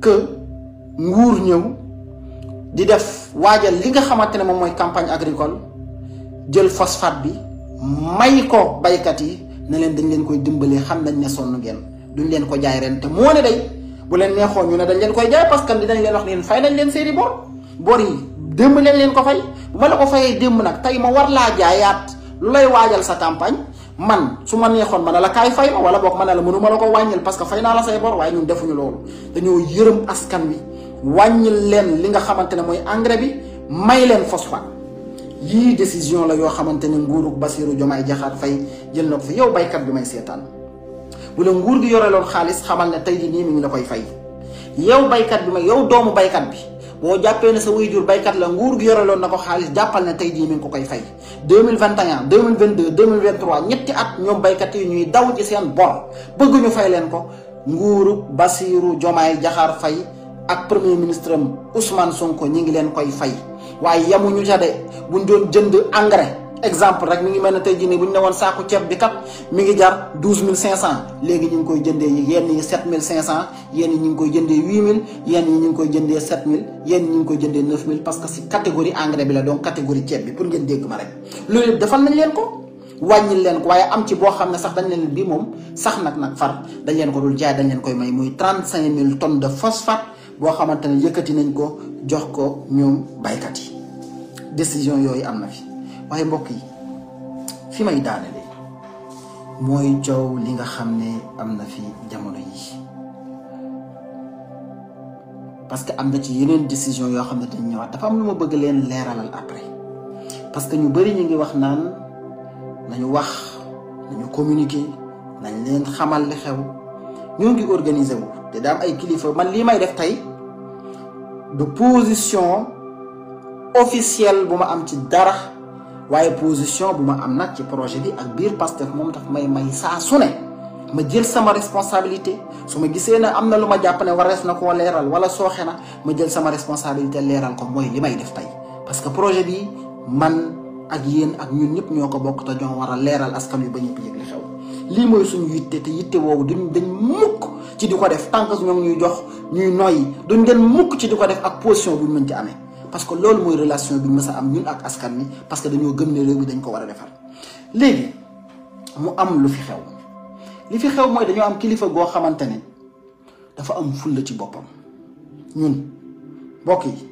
que nguur ñëw di def waajal li nga xamante ne moom mooy campagne agricole jël phosphate bi may ko baykat yi na leen dañ leen koy dimbalee xam nañ ne sonn ngeen duñ leen ko jaay ren te moo ne day bu leen neexoon ñu ne dañ leen koy jaay parce que dinañ leen wax ne fay nañ leen seeni bor bor yi démb leen leen ko fay bu ma la ko fayee démb nag tey ma war laa jaayaat lu lay waajal sa campagne man su ma neexoon ma ne la kaay fay ma wala boog ma ne la mënu ma la ko wàññil parce que fay naa la say bor waaye ñun defuñu loolu dañoo yërëm askan wi wàññil leen li nga xamante ne mooy engrais bi may leen phosphate yii décision la yoo xamante ne nguurug Bassirou Diomaye Diakhar fay jël na ko fi yow baykat bi may seetaan bu la nguur gi yoreloon xaalis xamal ne tey jii nii mi ngi la koy fay yow baykat bi may yow doomu baykat bi boo jàppee ne sa waajur baykat la nguur gi yoreloon na ko xaalis jàppal ne tey jii mi ngi ko koy fay 2021 2022 2023 ñetti at ñoo baykat yi ñuy daw ci seen bor bëgguñu fay leen ko nguurug Bassirou Diomaye jaxaar fay ak premier ministre am Ousmane Sonko ñi ngi leen koy fay waaye yemuñu ca de buñ doon jënd engrais exemple rek mi ngi mel tey jii bu ñu ne saaku ceeb bi kat mi ngi jar léegi ñu ngi koy jëndee yenn yi sept mille cinq cent yenn yi ñu ngi koy jëndee huit mille yenn yi ñu ngi koy jëndee sept mille yenn yi ñu ngi koy jëndee neuf mille parce que si engrais bi la donc catégorie ceeb bi pour ngeen dégg ma rek loolu yëpp defal nañ leen ko. wàññil leen ko waaye am ci boo xam ne sax dañ leen bii moom sax nag nag far dañ ko dul jaay dañ leen koy may muy trente cinq mille boo xamante ne yëkkati nañ ko jox ko ñoom baykat yi décision yooyu am na fi waaye mbokk yi fi may daanale mooy coow li nga xam ne am na fi jamono yi parce que am na ci yeneen décision yoo xam ne dañ ñëwaat dafa am lu ma bëgg leen leeralal après parce que ñu bëri ñu ngi wax naan nañu wax nañu communiquer nañ leen xamal xew ñoo ngi organiser wu te daam ay kilifa man lii may def tey du position officielle bu ma am ci dara waaye position bu ma am na ci projet bi ak biir Pastef moom daf may may saa su ne ma jël sama responsabilité su ma gisee ne am na lu ma jàpp ne res na koo leeral wala sooxe na ma jël sama responsabilité leeral ko mooy li may def tey parce que projet bi man ak yéen ak ñun ñëpp ñoo ko bokk te ñoo war a leeral askan wi ba ñëpp yëg li xew. lii mooy suñu yitte te yitte woowu duñ dañ mukk ci di ko def tant que ñoom ñuy jox ñuy noyyi duñ leen mukk ci di ko def ak position buñ mën ci amee parce que loolu mooy relation bi mës a am ñun ak askan wi parce que dañoo gëm ne réew mi dañ ko war a defar léegi mu am lu fi xew li fi xew mooy dañoo am kilifa goo xamante ne dafa am fulla ci boppam ñun mbokk yi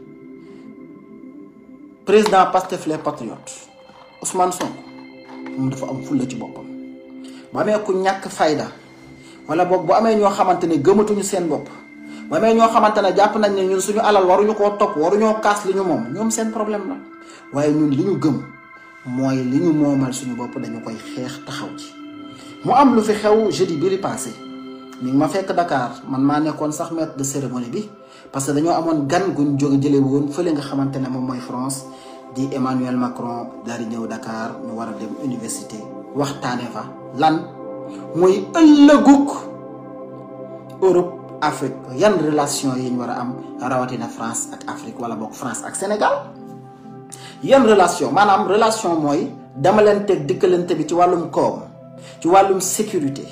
président Pastef les Patriotes Ousmane Sonko moom dafa am fulla ci boppam bu amee ku ñàkk fayda wala boog bu amee ñoo xamante ne gëmatuñu seen bopp bu amee ñoo xamante ne jàpp nañ ne ñun suñu alal waruñu koo topp waruñoo kaas li ñu moom ñoom seen problème la waaye ñun li ñu gëm mooy li ñu moomal suñu bopp dañu koy xeex taxaw ci mu am lu fi xew jeudi bi li passé mi ngi ma fekk dakaar man maa nekkoon sax maître de cérémonie bi parce que dañoo amoon gan guñ jóge jële woon fële nga xamante ne moom mooy France di Emmanuel Macron daal di ñëw war a dem université waxtaane fa lan mooy ëllëgug Europe Afrique yan relation yi ñu war a am rawatina France ak Afrique wala boog France ak Sénégal yan relation maanaam relation mooy demalanteeg dikkalante bi ci wàllum koom ci wàllum sécurité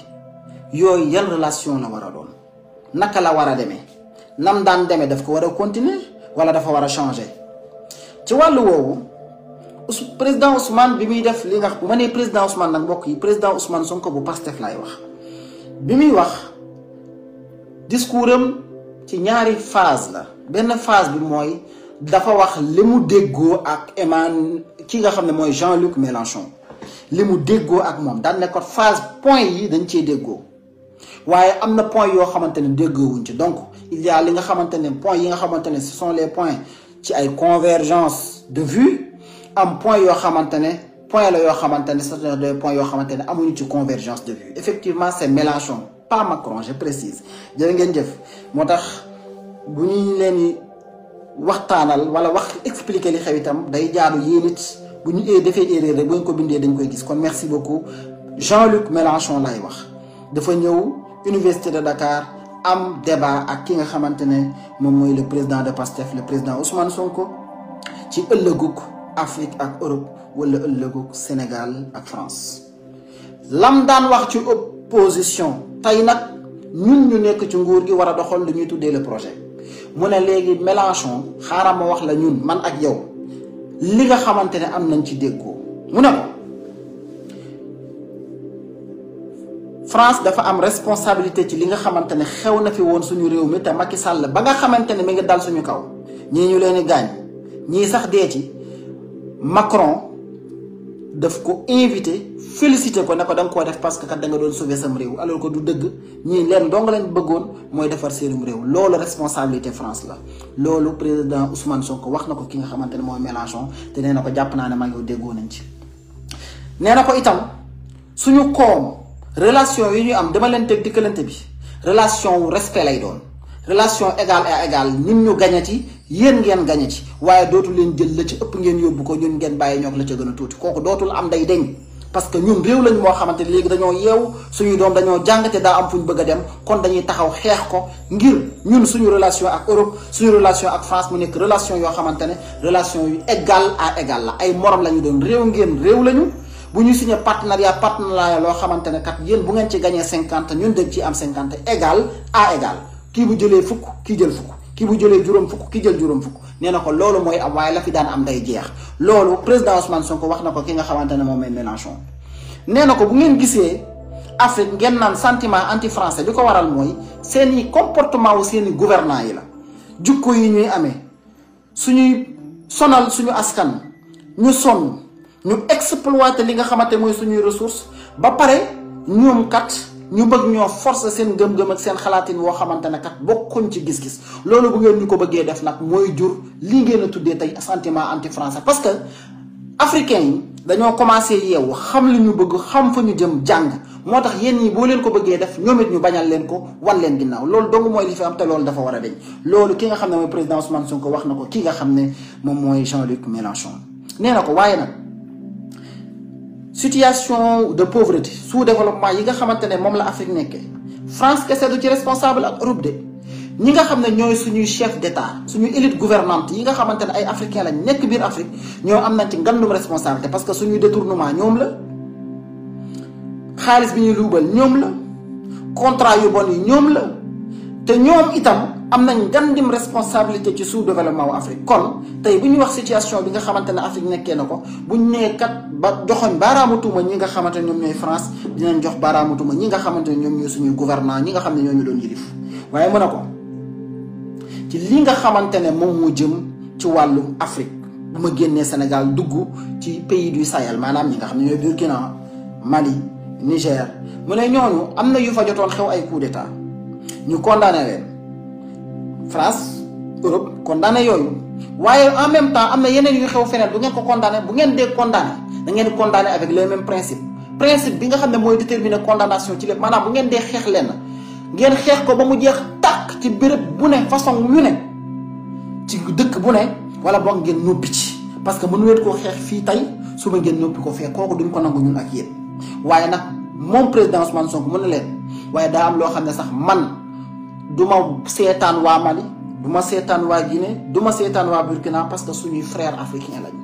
yooyu yan relation la war doon naka la war a demee nam daan deme daf ko war a continuer wala dafa war a changer ci wàllu woowu. président Ousmane bi muy def li nga bu ma nee président Ousmane nag bokk yi président Ousmane Sonko bu Pastef laay wax bi muy wax discours am ci ñaari phase la benn phase bi mooy dafa wax li mu déggoo ak Eman ki nga xam ne mooy Jean-Luc Mélenchon li mu déggoo ak moom daan nekkoon ko phase point yi dañ cee déggoo waaye am na point yoo xamante ne déggoowuñ ci donc il y nga xamante ne point yi nga xamante ne ce les points ci ay convergence de vue am point yoo xamante ne point la yoo xamante ne cest des points yoo xamante ne amuñu ci convergence de vue effectivement c'est Mélenchon pas Macron précise jërë ngeen jëf moo tax bu ñu leen waxtaanal wala wax expliquer li xew itam day jaadu yéen it bu ñu defee erreur rek bu ñu ko bindee dañ koy gis kon merci beaucoup Jean-Luc Mélenchon lay wax dafa ñëw Université de Dakar am débat ak ki nga xamante ne moom mooy le président de PASTEF le président Ousmane Sonko ci ëllëgug Afrique ak Europe wala ëllëgoog Sénégal ak France lam daan wax ci opposition tey nag ñun ñu nekk ci nguur gi war a doxal lu ñuy tuddee le projet mu ne léegi Mélenchon xaaral ma wax la ñun man ak yow li nga xamante ne am nañ ci dégg ko mu ne ko France dafa am responsabilité ci li nga xamante ne xew na fi woon suñu réew mi te Macky sàll ba nga xamante ne mi ngi dal suñu kaw ñii ñu leen di gaañ ñii sax dee ci Macron daf ko invité félicité ko na ko da koo def parce que kat da doon sauver sam réew alors que du dëgg ñii leen dong leen bëggoon mooy defar seenum réew loolu responsabilité France la. loolu président Ousmane ko wax na ko ki nga xamante ne mooy Mélenchon te nee na ko jàpp naa ne maa ngi déggoo nañ ci nee na ko itam suñu koom relation yi ñuy am dama leen teg dikkalante bi relation wu respect lay doon. relation égal égale ñun ñu gañe ci yéen ngeen gañe ci waaye dootu leen jël la ci ëpp ngeen yóbbu ko ñun ngeen bàyyi ñoog la ca a tuuti kooku dootul am day deñ parce que ñun réew lañ moo xamante ne léegi dañoo yeew suñu doom dañoo jàngate daa am fu bëgg a dem kon dañuy taxaw xeex ko ngir ñun suñu relation ak Europe suñu relation ak France mu nekk relation yoo xamante ne relation yu égal égal la ay morom la ñu doon réew ngeen réew lañu bu ñu signé partenariat partenariat loo xamante ne kat yéen bu ngeen ci gañee cinquante ñun dañ ci am cinquante égal à égal kii bu jëlee fukk kii jël fukk kii bu jëlee juróom fukk kii jël juróom fukk nee na ko loolu mooy am waaye la fi daan am day jeex loolu président Ousmane ko wax na ko ki nga xamante ne moom mooy Mélenchon nee na ko bu ngeen gisee Afrique ngeen naan sentiment anti français li ko waral mooy seen i comportement wu seen i yi la jukko yi ñuy amee suñuy sonal suñu askan ñu sonn ñu exploiter li nga xamante mooy suñuy ressources ba pare ñoom kat. ñu bëgg ñoo forcer seen gëm-gëm ak seen xalaatin woo xamante ne kat bokkuñ ci gis-gis loolu bu ngeen ñu ko bëggee def nag mooy jur lii ngeen a tuddee tey sentiment anti français parce que africain yi dañoo commencé yeewu xam li ñu bëgg xam fa ñu jëm jàng moo tax yéen ñi boo leen ko bëggee def ñoom it ñu bañal leen ko wan leen ginnaaw loolu dong mooy li fi am te loolu dafa war a deñ loolu ki nga xam ne mooy président Ousmane Sonko wax na ko ki nga xam ne moom mooy Jean-Luc Mélenchon nee na ko waaye situation de pauvreté sous-développement yi nga xamante ne moom la Afrique nekke France kese du ci responsable ak Europe de ñi nga xam ne ñooy suñuy chef d'État suñu élite gouvernante yi nga xamante ne ay africains lañ nekk biir Afrique ñoo am na ci ngandum responsabilité parce que suñuy détournement ñoom la xaalis bi ñuy luubal ñoom la contrat yu bon yi ñoom la te ñoom itam. am nañ ngandim responsabilité ci sous-développement wu Afrique kon tey bu ñu wax situation bi nga xamante ne Afrique nekkee na ko bu ñu nee kat ba joxoñ baaraamu tuuma ñi nga xamante ne ñoom ñooy France dinañ jox baaraamu ñi nga xamante ne ñoom ñooy suñuy gouvernement ñi nga xam ne ñoo ñu doon yilif waaye mën na ko ci li nga xamante ne moom moo jëm ci wàllu Afrique bu ma génnee Sénégal dugg ci pays du Sahel maanaam ñi nga xam ne ñooy Burkina Mali Niger mu ne ñooñu am na yu fa jotoon xew ay coup d'état ñu condamné leen. France Europe condamné yooyu waaye en même temps am na yeneen yu xew feneen bu ngeen ko condamné bu ngeen dee condamné dangeen ngeen condamné avec les mêmes principes principe bi nga xam ne mooy déterminer condamnation ci lépp maanaam bu ngeen dee xeex lenn ngeen xeex ko ba mu jeex tàkk ci béréb bu ne façon yu ne ci dëkk bu ne wala boog ngeen noppi ci parce que nu wet koo xeex fii tey suba ngeen noppi ko fee kooku duñ ko nangu ñun ak yéen waaye nag moom président Ousmane Sonko mën leen waaye daa loo xam ne sax man du ma seetaan waa Mali du ma seetaan waa Guinée du ma seetaan waa Burkina parce que suñuy frère africain lañu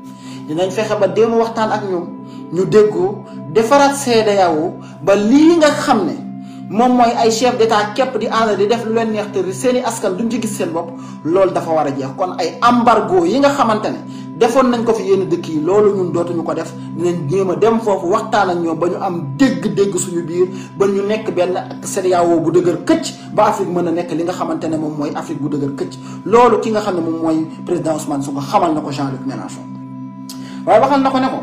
dinañ fexe ba déemu waxtaan ak ñoom ñu déggoo defaraat CEDEAO ba lii nga xam ne moom mooy ay chef d'état képp di ànd di def lu leen neex te seeni askan duñ ci gis seen bopp loolu dafa war a jeex kon ay embargo yi nga xamante ne defoon nañ ko fi yenn dëkk yi loolu ñun dootuñu ko def dinañ jéem a dem foofu waxtaan ak ñoom ba ñu am dégg-dégg suñu biir ba ñu nekk benn ak CEDEAO bu dëgër këcc ba Afrique mën a nekk li nga xamante ne moom mooy Afrique bu dëgër këcc loolu ki nga xam ne moom mooy président Ousmane Sonko xamal na ko Jean-Luc Mélenchon waaye waxal na ko ne ko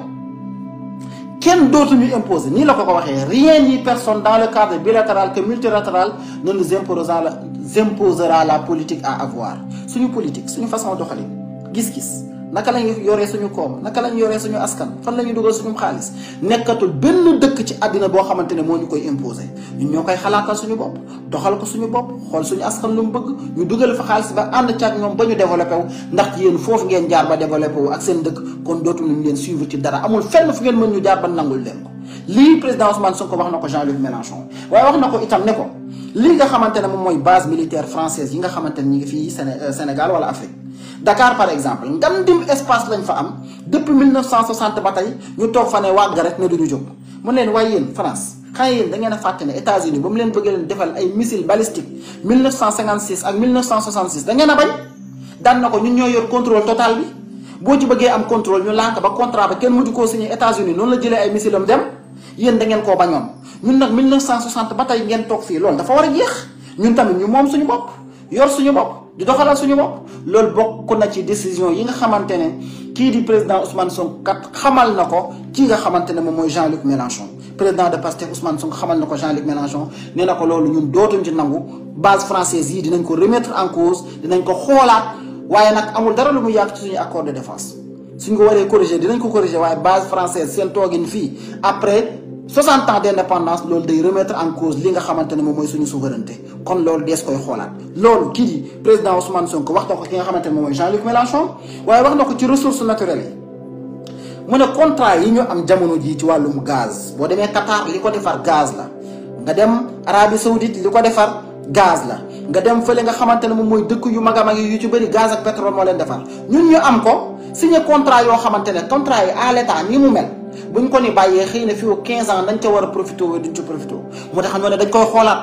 kenn dootuñu imposer nii la ko ko waxee rien ni personne dans le cadre bilatéral que multilatéral ne nous imposera la imposera la politique à avoir suñu politique suñu façon doxalin gis-gis. naka lañ yoree suñu koom naka lañ yore suñu askan fan la ñuy dugal suñu xaalis nekkatul benn dëkk ci àddina boo xamante ne moo ñu koy imposé ñun ñoo koy xalaatal suñu bopp doxal ko suñu bopp xool suñu askan lu mu bëgg ñu dugal fa xaalis ba ànd caag ñoom ba ñu développé wu ndax yéen foofu ngeen jaar ba développé wu ak seen dëkk kon dootu ñu leen suivre amul fenn fu ngeen mën ñu jaar ba nangul ko lii président Ousmane na ko Jean-Luc Mélenchon wax na ko itam ne ko lii nga xamante ne moom mooy base militaire française yi nga xamante ne ñi ngi fii euh, Sénégal wala Afrique dakaar par exemple ngandim espace lañ fa am depuis 1960 ba tey ñu toog fa ne wàgg rek ne du ñu jóg mu leen waaye yéen France xanaa yéen da ngeen a fàtte ne États-Unis ba mu leen bëgg leen defal ay missile balistique 1956 a bañ daan na ko ñun ñoo yor contrôle total bi boo ci bëggee am contrôle ñu lànk ba contrat ba kenn mujj koo signé États-Unis noonu la jëlee ay missile dem yéen da koo bañoon ñun nag ba tey ngeen toog fii loolu dafa war a jeex ñun tamit ñu moom suñu bopp yor di doxalal suñu bopp loolu bokk na ci décision yi nga xamante ne kii di président Ousmane Sonko kat xamal na ko kii nga xamante ne moom mooy genre luc Mélenchon président de Pastef Ousmane Sonko xamal na ko Jean-Luc Mélenchon nee na ko loolu ñun dootuñ ci nangu base française yi dinañ ko remettre en cause dinañ ko xoolaat waaye nag amul dara lu mu yàgg ci suñu accord de défense suñ ko waree corriger dinañ ko corriger waaye base française seen toogin fii après. 60 ans d'indépendance loolu de remettre en cause li nga xamante ne moom mooy suñu souveraineté kon loolu dees koy xoolaat loolu kii di président Ousmane Sonko wax na ko ki nga xamante ne moom mooy Jean-Luc Mélenchon waaye wax na ko ci ressources naturelles yi mu ne contrat yi ñu am jamono jii ci wàllum gaz boo demee Qatar li ko defar gaz la nga dem Arabie Saoudite li ko defar gaz la nga dem fële nga xamante ne moom mooy dëkk yu mag a mag yu ci bëri gaz ak pétrole moo leen defar ñun ñu am ko signé contrat yoo xamante ne contrat yi à l'état ni mel. buñ ko ni bàyyee xëy na fii 15 ans dañ ca war a profité wala duñ ca profité moo tax ñoo ne dañ koy xoolaat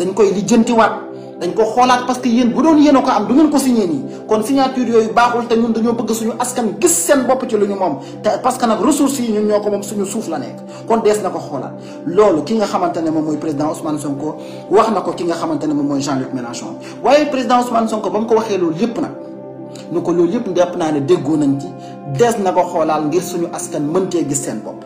dañ koy lijjantiwaat dañ ko xoolaat parce que yéen bu doon yéen a ko am du ngeen ko signé nii kon signature yooyu baaxul te ñun dañoo bëgg suñu askan gis seen bopp ci lu ñu moom te parce que nag ressources yi ñun ñoo ko moom suñu suuf la nekk kon dees na ko xoolaat loolu ki nga xamante ne moom mooy président Ousmane Sonko wax na ko ki nga xamante ne moom mooy Jean-Luc Mélenchon waaye président Ousmane Sonko ba ko waxee loolu yépp nag nu ko loolu yépp jàpp naa ne déggoo nañ ci des na ko xoolaal ngir suñu askan mëntee gis seen bopp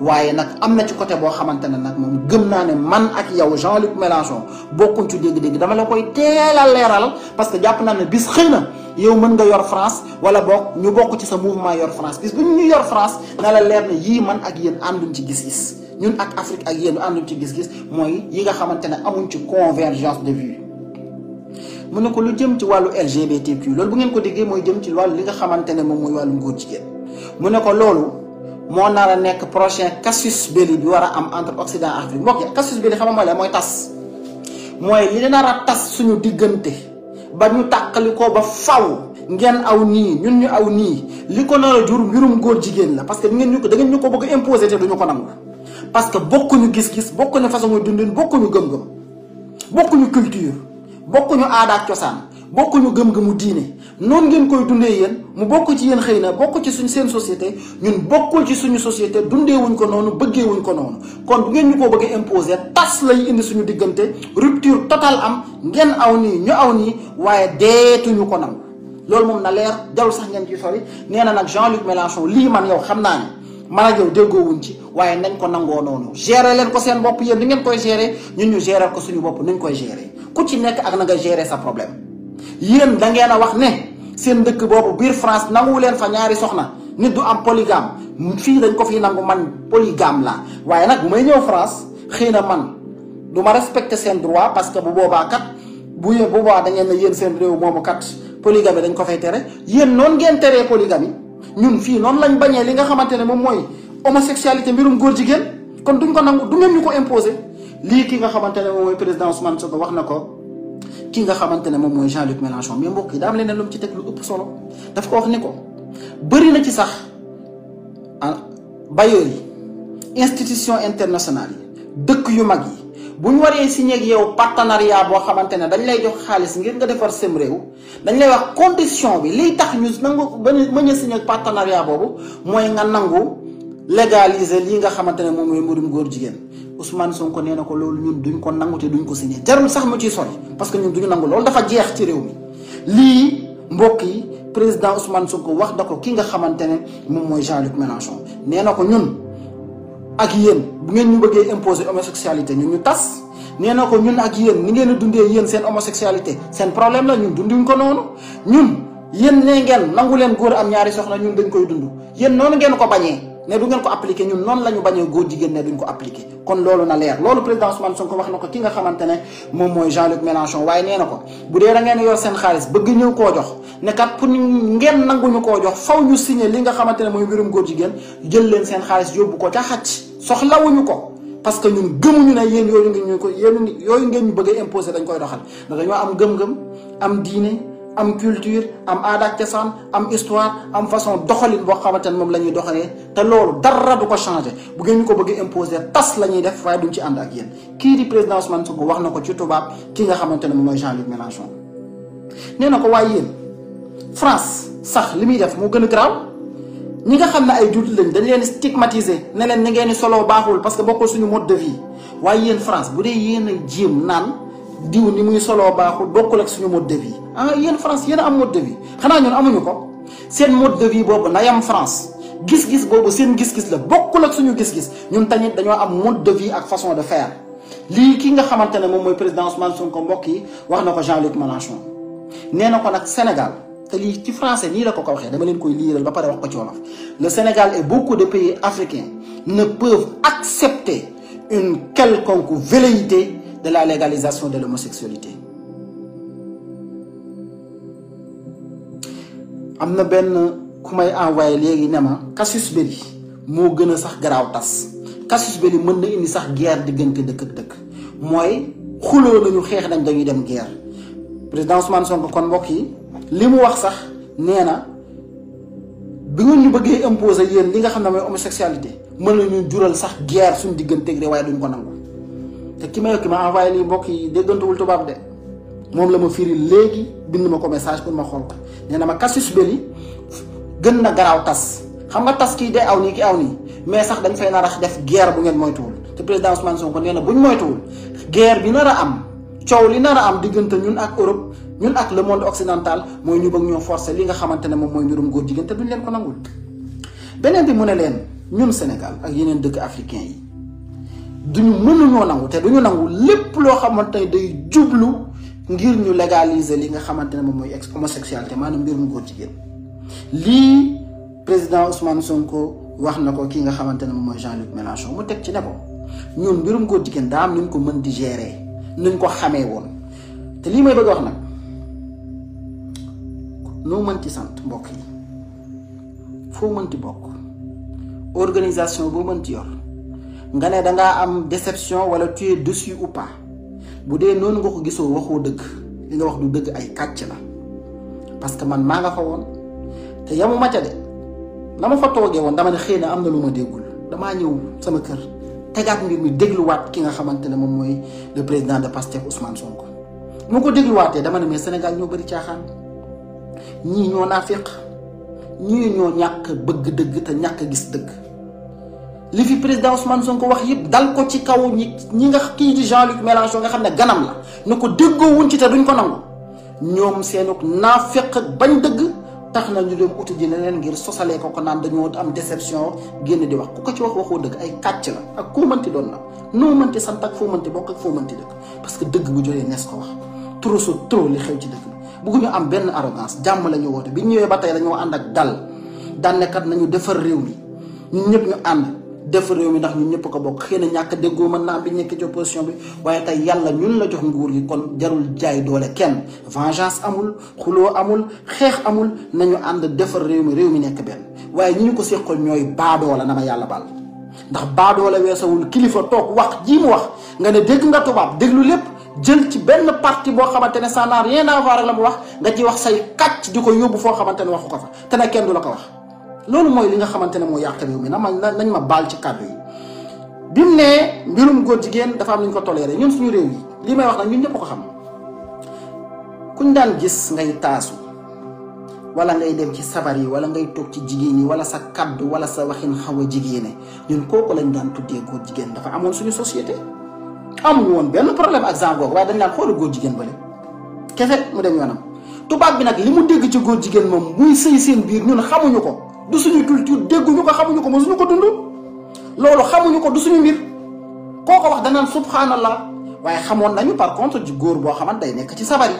waaye nag am na ci côté boo xamante ne nag moom gëm naa ne man ak yow Jean-Luc Mélenchon bokkuñ ci dégg-dégg dama la koy teel leeral parce que jàpp naa ne bis xëy na yow mën nga yor France wala bokk ñu bokk ci sa mouvement yor France bis bu ñu ñu yor France na la leer ne yii man ak yéen ànduñ ci gis-gis ñun ak Afrique ak yéen ànduñ ci gis-gis mooy yi nga xamante ne amuñ ci convergence de vue mu ne ko lu jëm ci wàllu LGBTQ loolu bu ngeen ko déggee mooy jëm ci wàllu li nga xamante ne moom mooy wàllu ngóor jigéen mu ne ko loolu moo nar a nekk prochain casus belli bi war a am entre Occident ak Afrique mbokk yi casus belli xam nga mooy la mooy tas mooy li nar a tas suñu diggante ba ñu tàqali ko ba faw ngeen aw nii ñun ñu aw nii li ko nar jur mbirum góor jigéen la parce que ngeen ñu ko da ngeen ñu ko bëgg a imposer te duñu ko nangu parce que bokkuñu gis-gis bokkuñu façon muy dundin bokkuñu gëm-gëm bokkuñu culture bokkuñu aada cosaan bokkuñu gëm-gëmu diine noonu ngeen koy dundee yéen mu bokk ci yéen xëy na bokk ci suñ seen société ñun bokkul ci suñu société dundeewuñ ko noonu bëggee wuñ ko noonu kon bu ngeen ñu ko bëggee imposer tas lay indi suñu diggante rupture total am ngeen aw nii ñu aw nii waaye deetuñu ko nam loolu moom na leer jarul sax ngeen ci sori nee nag Jean-Luc Mélenchon lii man yow xam naa ni man ak yow déggoowuñ ci waaye nañ ko nangoo noonu gérer leen ko seen bopp yéen ni ngeen koy gere ñun ñu gérer ko suñu bopp nañ koy gérer ku ci nekk ak na nga sa problème yéen da ngeen a wax ne seen dëkk boobu biir France nanguwu leen fa ñaari soxna nit du am polygame fii dañ ko fi nangu man polygame la waaye nag bu may ñëw France xëy na man du ma respecter seen droit parce que bu boobaa kat bu bu boobaa da ngeen ne yéen seen réew moomu kat polygame dañ ko fay tere yéen noonu ngeen teree polygame ñun fii noonu lañ bañee li nga xamante ne moom mooy homosexualité mbirum góor jigéen kon duñ ko nangu du ngeen ñu ko imposer lii ki nga xamante ne moom mooy président Ousmane Sonko wax na ko ki nga xamante ne moom mooy Jean-Luc Mélenchon mbokk yi daa am leneen lu mu ci teg lu ëpp solo daf ko wax ni ko bëri na ci sax ah, bailleurs yi institution international yi dëkk yu mag yi bu ñu waree signé ak yow partenariat boo xamante ne dañ lay jox xaalis ngir nga defar seen réew dañ lay wax condition bi liy tax ñu nangu ba ñu signé ak partenariat boobu mooy nga nangu légaliser lii nga xamante ne moom mooy mbirum góor jigéen Ousmane Sonko nee na ko loolu ñun duñ ko nangu te duñ ko signé jarul sax mu ciy sori parce que ñu duñu nangu loolu dafa jeex ci réew mi lii mbokk yi président Ousmane ko wax da ko ki nga xamante ne moom mooy Jean-Luc nee na ko ñun. ak yéen bu ngeen ñu bëggee imposer homosexualité ñun ñu tas nee na ko ñun ak yéen ni ngeen a dundee yéen seen homosexualité seen problème la ñun dunduñ ko noonu ñun yéen nee ngeen nangu leen góor am ñaari soxna ñun dañ koy dund yéen noonu ngeen ko bañee. ne du ngeen ko appliqué ñun noonu la ñu bañee góor jigéen ne duñ ko appliqué kon loolu na leer loolu président Ousmane Sonko wax na ko ki nga xamante ne moom mooy Jean-Luc Mélenchon waaye nee dee da ngeen yor seen xaalis bëgg ñëw koo jox ne kat pour ngeen nanguñu koo jox faw ñu signé li nga xamante ne mooy mbirum góor jigéen jël leen seen xaalis yóbbu ko ca xacc soxlawuñu ko parce que ñun gëmuñu ne yéen yooyu ngeen ñu ko yéen yooyu ngeen ñu bëgg a imposé dañ koy doxal ndax dañoo am gëm-gëm am diine am culture am aada ak cosaan am histoire am façon doxalin boo xamante ne moom la ñuy doxalee te loolu dara du ko changé bu ngeen ko bëgg imposer tas la ñuy def waaye duñ ci ànd ak yéen kii di président Ousmane Sonko wax na ko ci tubaab ki nga xamante ne moom mooy Jean-Luc nee na ko waaye yéen France sax li muy def moo gën a garaaw ñi nga xam na ay jullit lañ dañ leen stigmatiser ne leen ni ngeen di solo baaxul parce que bokkul suñu mode de vie waaye yéen France bu dee yéen a jéem naan. diw ni muy soloo baaxul bokkul ak suñu mode de vie ah France yéen am mode de vie xanaa ñun amuñu ko seen mode de vie boobu nayam France gis-gis boobu seen gis-gis la bokkul ak suñu gis-gis ñun tamit dañoo am mode de vie ak façon de faire lii ki nga xamante ne moom mooy président Ousmane Sonko mbokk yi wax na ko Jean-Luc Mélenchon nee na ko nag Sénégal te lii ci français nii la ko ko waxee dama leen koy liiral ba pare wax ko ci wolof le Sénégal et beaucoup de pays africains ne peuvent accepter une quelconque velléité de la légalisation de l'homosexualité am na benn ku may envoyé léegi ne ma casus belli moo gën a sax garaaw tas casus belli mën na indi sax guerre diggante dëkk ak dëkk mooy xuloo nañu xeex nañ dañuy dem ger président Ousmane Sonko kon mbokk yi li mu wax sax nee na bi ngeen ñu bëggee imposer yéen li nga xam ne mooy homosexualité mën nañu jural sax guerre suñu diggante rek waaye duñ ko nangu. te ki ma ki ma envoyé lii mbokk yi déggantuwul tubaab de moom la ma firi léegi bind ma ko message pour ma xool ko nee na ma casus belli gën na garaaw tas xam nga tas kii day aw nii ki aw nii mais sax dañ fay nar a def guerre bu ngeen moytuwul te président Ousmane Sonko nee na buñ moytuwul guerre bi nar a am coow li nar a am diggante ñun ak Europe ñun ak le monde occidental mooy ñu bëgg ñoo force li nga xamante ne moom mooy mbirum góor jigéen te duñ leen ko nangul beneen bi mu ne leen ñun Sénégal ak yeneen dëkk africain yi. du duñu mënuñoo nangu te duñu nangu lépp loo xamante ne day jublu ngir ñu légaliser li nga xamante ne moom mooy ex homosexualité maanaam mbirum góor jigéen lii président Ousmane ko wax na ko kii nga xamante ne moom mooy Jean-Luc Mélenchon mu teg ci ne ko ñun mbirum góor jigéen daa am nuñ ko mën di gérer nuñ ko xamee woon te lii may bëgg wax nag noo mënti sant mbokk yi foo mënti bokk organisation boo mënti yor. nga ne dangaa am déception wala tu es déçu ou pas bu dee noonu nga ko gisoo waxoo dëgg li nga wax du dëgg ay kàcc la parce que man maa nga fa woon te yamuma ca de na ma fa toogee woon dama ne xëy na am na lu ma déggul damaa ñëw sama kër tegaat ngir mi dégluwaat ki nga xamante ne moom mooy le président de Pastef Ousmane Sonko mu ko dégluwaatee dama ne mais Sénégal ñoo bëri caaxaan ñii ñoo naafeq ñii ñoo ñàkk bëgg dëgg te ñàkk gis dëgg. li fi président Ousmane ko wax yëpp dal ko ci kaw ñi ñi nga kii di Jean-Luc Mélenchon nga xam ne ganam la nu ko déggoo wuñ ci te duñ ko nangu ñoom seenuk naafeq ak bañ dëgg tax na ñu dem uti ji leneen ngir sosalee ko ko naan dañoo am déception génn di wax ku ko ci wax waxoo dëgg ay kàcc la ak koo mënti doon na noo mënti sant ak foo mënti bokk ak foo mënti dëkk parce que dëgg bu jëlee nees ko wax trop so trop li xew ci dëkk bi bëgguñu am benn arrogance jàmm la ñu woote bi ñëwee ba tey dañoo ànd ak dal daannekat nañu defar réew mi ñëpp ñu ànd defar réew mi ndax ñun ñëpp ko bokk xëy na ñàkk déggoo mën naa bi ñekk ci opposition bi waaye tey yàlla ñun la jox nguur yi kon jarul jaay doole kenn vengeance amul xuloo amul xeex amul nañu ànd defar réew mi réew mi nekk benn waaye ñu ñu ko séqal ñooy baadoola na ma yàlla baal ndax baadoola weesawul kilifa toog wax jii mu wax nga ne dégg nga tubaab déglu lépp jël ci benn parti boo xamante ne ça n'a rien à voir ak la mu wax nga ci wax say kàcc di ko yóbbu foo xamante ne waxu ko te ne kenn du la ko wax loolu mooy li nga xamante ne moo yàq réew mi na ma nañ ma baal ci kàddu yi bi mu nee mbirum góor jigéen dafa am lu ñu ko rek ñun suñu réew yi li may wax nag ñun ñëpp ko xam kuñ daan gis ngay taasu wala ngay dem ci sabar yi wala ngay toog ci jigéen yi wala sa kàddu wala sa waxin xaw a jigéene ñun kooku lañ daan tuddee góor jigéen dafa amoon suñu société amuñu woon benn problème ak genre googu waaye dañ daan xoolu góor jigéen bale kefe mu dem yoonam tubaab bi nag li mu dégg ci góor jigéen moom muy sëy seen biir ñun xamuñu ko du suñu culture dégguñu ko xamuñu ko mësuñu ko dund loolu xamuñu ko du suñu mbir koo ko wax danaan subhanallah waaye xamoon nañu par contre góor boo xamante day nekk ci sabar yi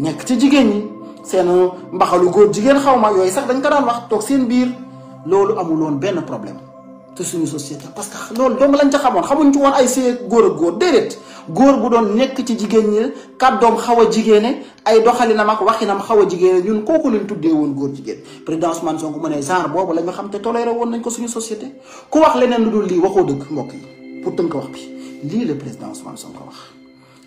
nekk ci jigéen ñi seen mbaxalu góor jigéen xaw ma yooyu sax dañ ko daan wax toog seen biir loolu amuloon benn problème te suñu société parce que loolu dong lañ ca xamoon xamuñ ci woon ay see góor ak góor déedéet góor bu doon nekk ci jigéen ñi kàddoom xaw a jigéene ay doxalinam ak waxinam xaw a jigéene ñun kooku lañ tuddee woon góor jigéen président Ousmane Sonko mu ne genre boobu la xam te toléré woon nañ ko suñu société ku wax leneen lu dul lii waxoo dëgg mbokk yi pour tënk wax bi lii la président Ousmane Sonko wax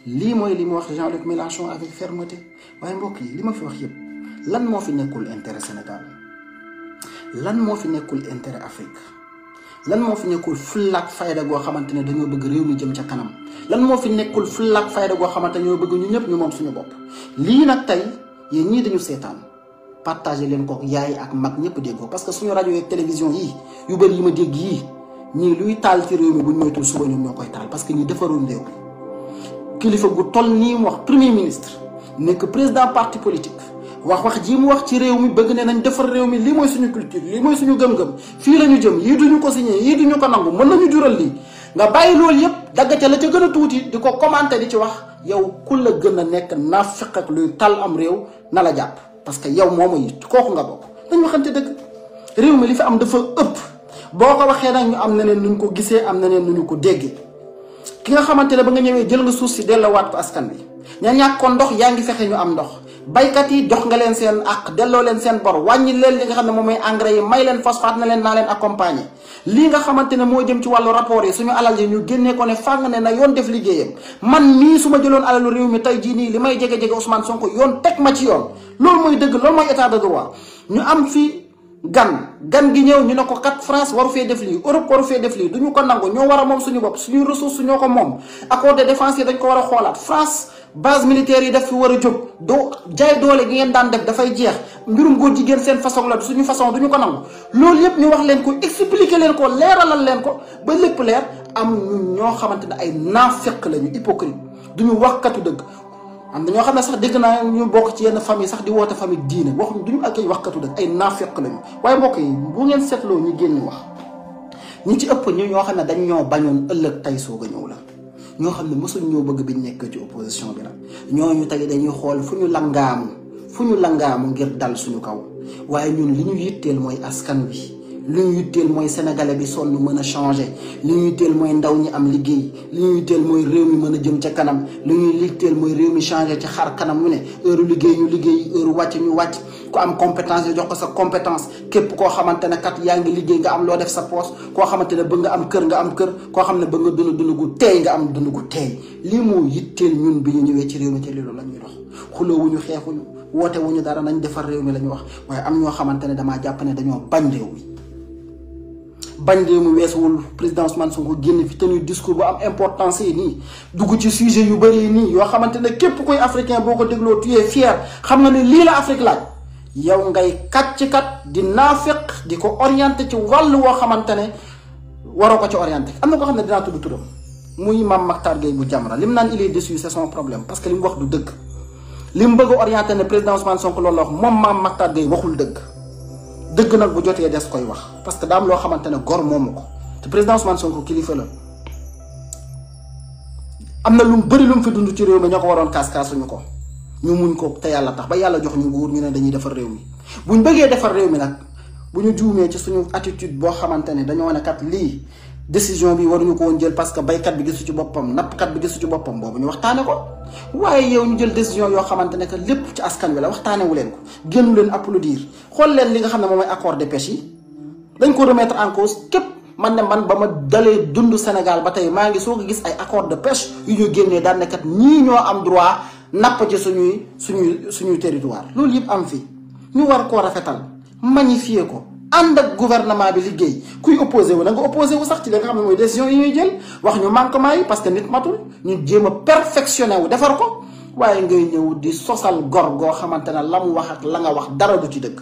lii mooy li mu wax Jean-Luc Mélenchon avec fermeté waaye mbokk yi li ma fi wax yëpp lan moo fi nekkul intérêt Sénégal moo fi nekkul intérêt Afrique lan moo fi nekkul fullaak fayda goo xamante ne dañoo bëgg réew mi jëm ca kanam lan moo fi nekkul fullaak fayda goo xamante ne ñoo bëgg ñu ñëpp ñu moom suñu bopp lii nag tey yéen ñii dañu seetaan partagé leen ko yaay ak mag ñëpp déggoo parce que suñu rajo yeeg télévision yi yu bëri yi ma dégg yii ñii luy taal ci réew mi buñ moytul suba ñoom ñoo koy taal parce que ñi defaroon réew kilifa gu toll nii mu wax premier ministre nekk président parti politique wax wax jii mu wax ci réew mi bëgg ne nañ defar réew mi lii mooy suñu culture lii mooy suñu gëm-gëm fii la ñu jëm yii duñu ko signé yii duñu ko nangu mën nañu jural lii nga bàyyi loolu yëpp dagg ca la ca gën a tuuti di ko commenté di ci wax yow ku la gën a nekk naafiq ak luy tal am réew na la jàpp parce que yow moomu it kooku nga bokk dañ waxante dëgg réew mi li fi am dafa ëpp boo ko waxee nag am na neen nuñ ko gisee am na neen nu ñu ko déggee ki nga xamante ne ba nga ñëwee jël nga suuf si dellowaat ko askan bi ña ñàkkoon ndox yaa ngi fexe ñu am ndox baykat yi jox nga leen seen àq delloo leen seen bor wàññi leen li nga xam ne moom mooy engrais yi may leen phosphate na leen naa leen accompagner lii nga xamante ne moo jëm ci wàllu rapport yi suñu alal yi ñu génnee ko ne fàng ne na yoon def liggéeyam man nii su ma jëloon alalu réew mi tey jii nii li may jege-jege Ousmane Sonko yoon teg ma ci yoon loolu mooy dëgg loolu mooy état de droit ñu am fii gan gan gi ñëw ñu ne ko kat France waru fee def lii Europe waru fee def lii du ñu ñoo war moom suñu bopp suñuy ressources ñoo ko moom accord de défense yi dañ war a xoolaat France base militaire yi def fi war a jóg doo jaay doole gi ngeen daan def dafay jeex mbirum góor jigéen seen façon la suñu façon duñu ko nangu loolu yëpp ñu wax leen ko expliquer leen ko leeralal leen ko ba lépp leer am ñun ñoo xamante ne ay naafeq lañu hypocrite duñu waxkatu dëgg am na ñoo xam ne sax dégg naa ñu bokk ci yenn famille sax di woote famille diine waxuñ duñu ak ay waxkatu dëgg ay naafeq lañu waaye mbokk yi bu ngeen seetloo ñu génn wax ñi ci ëpp ñu ñoo xam ne dañ ñoo bañoon ëllëg tey soog a ñëw la ñoo xam ne mosuñ ñoo bëgg bi nekk ci opposition bi nag ñu tey dañuy xool fu ñu langaamu fu ñu langaamu ngir dal suñu kaw waaye ñun li ñu yitteel mooy askan bi li ñu yitteel mooy sénégalais bi sol nu mën a changer li ñu yitteel mooy ndaw ñi am liggéey li ñu yitteel mooy réew mi mën a jëm ca kanam li ñu yitteel mooy réew mi changer ci xar kanam mu ne heure liggéey ñu liggéey heure wàcc ñu wàcc ku am compétence ñu jox ko sa compétence képp koo xamante ne kat yaa ngi liggéey nga am loo def sa poos koo xamante ne bëgg nga am kër am kër koo xam ne bëgg nga gu teey nga am dund gu teey lii moo yitteel ñun bi ñu ñëwee ci réew mi te loolu la ñuy dox xuloo xeexuñu woote dara nañ defar réew mi la ñu wax waaye am ñoo xamante ne damaa jàpp ne dañoo bañ réew mi bañ réew mi weesuwul président Ousmane Sonko génn fi tenu discours bu am importance yi nii dugg ci sujet yu bëri nii yoo xamante ne képp koy africain boo ko dégloo tu es fier xam na ne lii la Afrique laaj yow ngay kat ci kat di naafeq di ko orienté ci wàll woo xamante ne waroo ko ci orienté am na koo xam ne dinaa tudd turam muy maam Mactar bu Jamra li mu naan il est déçu c'est son problème parce que li mu wax du dëgg li mu bëgg a ne président Ousmane Sonko loolu la moom maam Mactar Gueye waxul dëgg. dëgg nag bu jotee des koy wax parce que daam loo xamante ne gor moomu ko te président Ousmane Sonko kilifa la am na lu mu bëri lu mu fi dund ci réew mi ñoo ko waroon kaas-kaasuñu ko ñu muñ ko te yàlla tax ba yàlla jox ñu nguur ñu ne dañuy defar réew mi buñ bëggee defar réew mi nag bu ñu juumee ci suñu attitude boo xamante ne dañoo ne kat lii décision bi waruñu ko woon jël parce que baykat bi gisu ci boppam nappkat bi gisu ci boppam boobu ñu waxtaane ko waaye yow ñu jël décision yoo xamante ne que lépp ci askan wi la waxtaanewu leen ko génnu leen applaudir xool leen li nga xam ne moom mooy accord de pêche yi dañ ko remettre en cause képp man ne man ba ma dalee dundu Sénégal ba tey maa ngi soo ko gis ay accord de pêche yu ñu génnee daan kat ñii ñoo am droit napp ci suñuy suñuy suñuy territoire loolu yëpp am fi ñu koo rafetal magnifier ko ànd ak gouvernement bi liggéey kuy opposé wu na nga opposé wu sax ci li nga xam ne mooy décision yi ñuy jël wax ñu manquement yi parce que nit matul ñu jéem a perfectionné wu defar ko waaye ngay ñëw di sosal gor goo xamante ne la wax ak la nga wax dara du ci dëkk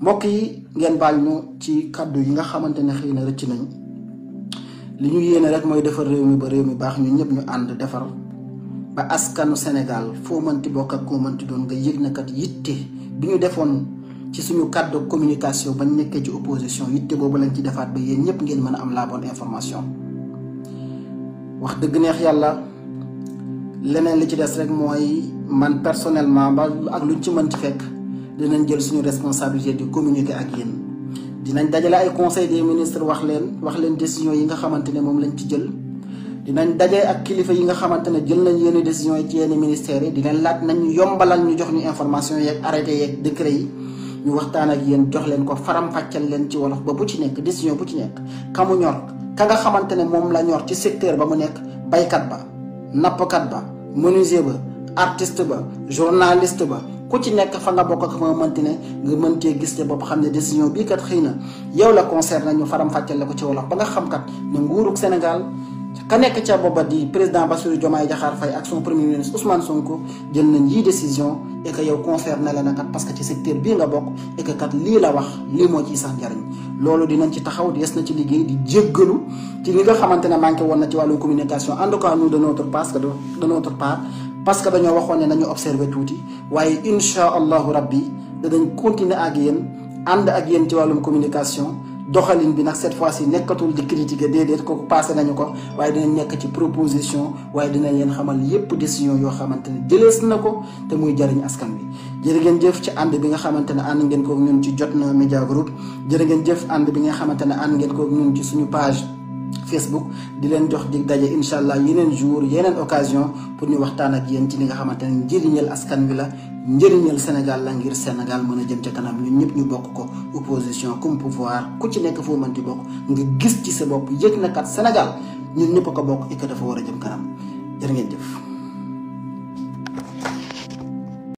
mbokk yi ngeen baal ñu ci kàddu yi nga xamante ne xëy na rëcc nañ li ñu yéene rek mooy defar réew mi ba réew mi baax ñu ñëpp ñu ànd defar ba askanu Sénégal foo mënti bokkat ak koo mënti doon nga yëg na kat yitte bi ñu defoon. ci suñu cadre de communication bañ nekkee ci opposition yitte boobu lañ ci defaat bi yéen ñëpp ngeen mën a am la bonne information wax dëgg neex yàlla leneen li ci des rek mooy man personnellement ba ak luñ ci mën ci fekk dinañ jël suñu responsabilité di communiquer ak yéen dinañ dajale ay conseil des ministres wax leen wax leen décision yi nga xamante ne moom lañ ci jël dinañ dajee ak kilifa yi nga xamante ne jël nañ yenn décision yi ci yenn ministères yi di leen laaj nañ ñu jox ñu information yeeg arrêté yeeg yi ñu waxtaan ak yéen jox leen ko faram-fàcceel leen ci wolof ba bu ci nekk décision bu ci nekk ka mu ñor ka nga xamante ne moom la ñor ci secteur ba mu nekk baykat ba nappkat ba menuisier ba artiste ba journaliste ba ku ci nekk fa nga bokk ak fa nga ne nga mën cee gis te bopp xam ne décision bii kat xëy na yow la concerne ñu faram-fàcceel la ko ci wolof ba nga xamkat kat ne nguurug Sénégal ka nekk ca booba di président Bassirou Diomaye Diakhar Faye ak son premier ministre Ousmane Sonko jël nañ yii décision et que yow concerné na kat parce que ci secteur bii nga bokk et que kat lii la wax lii moo ciy sax njariñ loolu dinañ ci taxaw des na ci liggéey di jéggalu ci li nga xamante ne manqué woon na ci wàllu communication en tout cas nous de notre part de notre part parce que dañoo waxoon ne nañu observé tuuti waaye incha allahu rabbi danañ continuer ak yéen ànd ak yéen ci wàllum communication doxalin bi nag cette fois yi nekkatul di critiquer déedéet ko passé nañu ko waaye dinañ nekk ci proposition waaye dinañ leen xamal yépp décision yoo xamante ne jëlees na ko te muy jariñ askan bi jërë ngeen jëf ci ànd bi nga xamante ne ànd ngeen kook ñun ci jot na média Group jërë ngeen jëf ànd bi nga xamante ne ànd ngeen kook ñun ci suñu page Facebook di leen jox dig daje incha allah yeneen jour yeneen occasion pour ñu waxtaan ak yéen ci li nga xamante ne njëriñal askan wi la njëriñal Sénégal la ngir Sénégal mën a jëm ca kanam ñun ñëpp ñu bokk ko opposition comme pouvoir ku ci nekk foo mënti bokk nga gis ci sa bopp yëg na kat Sénégal ñun ñëpp ko bokk et ko dafa war a jëm kanam jërë ngeen jëf.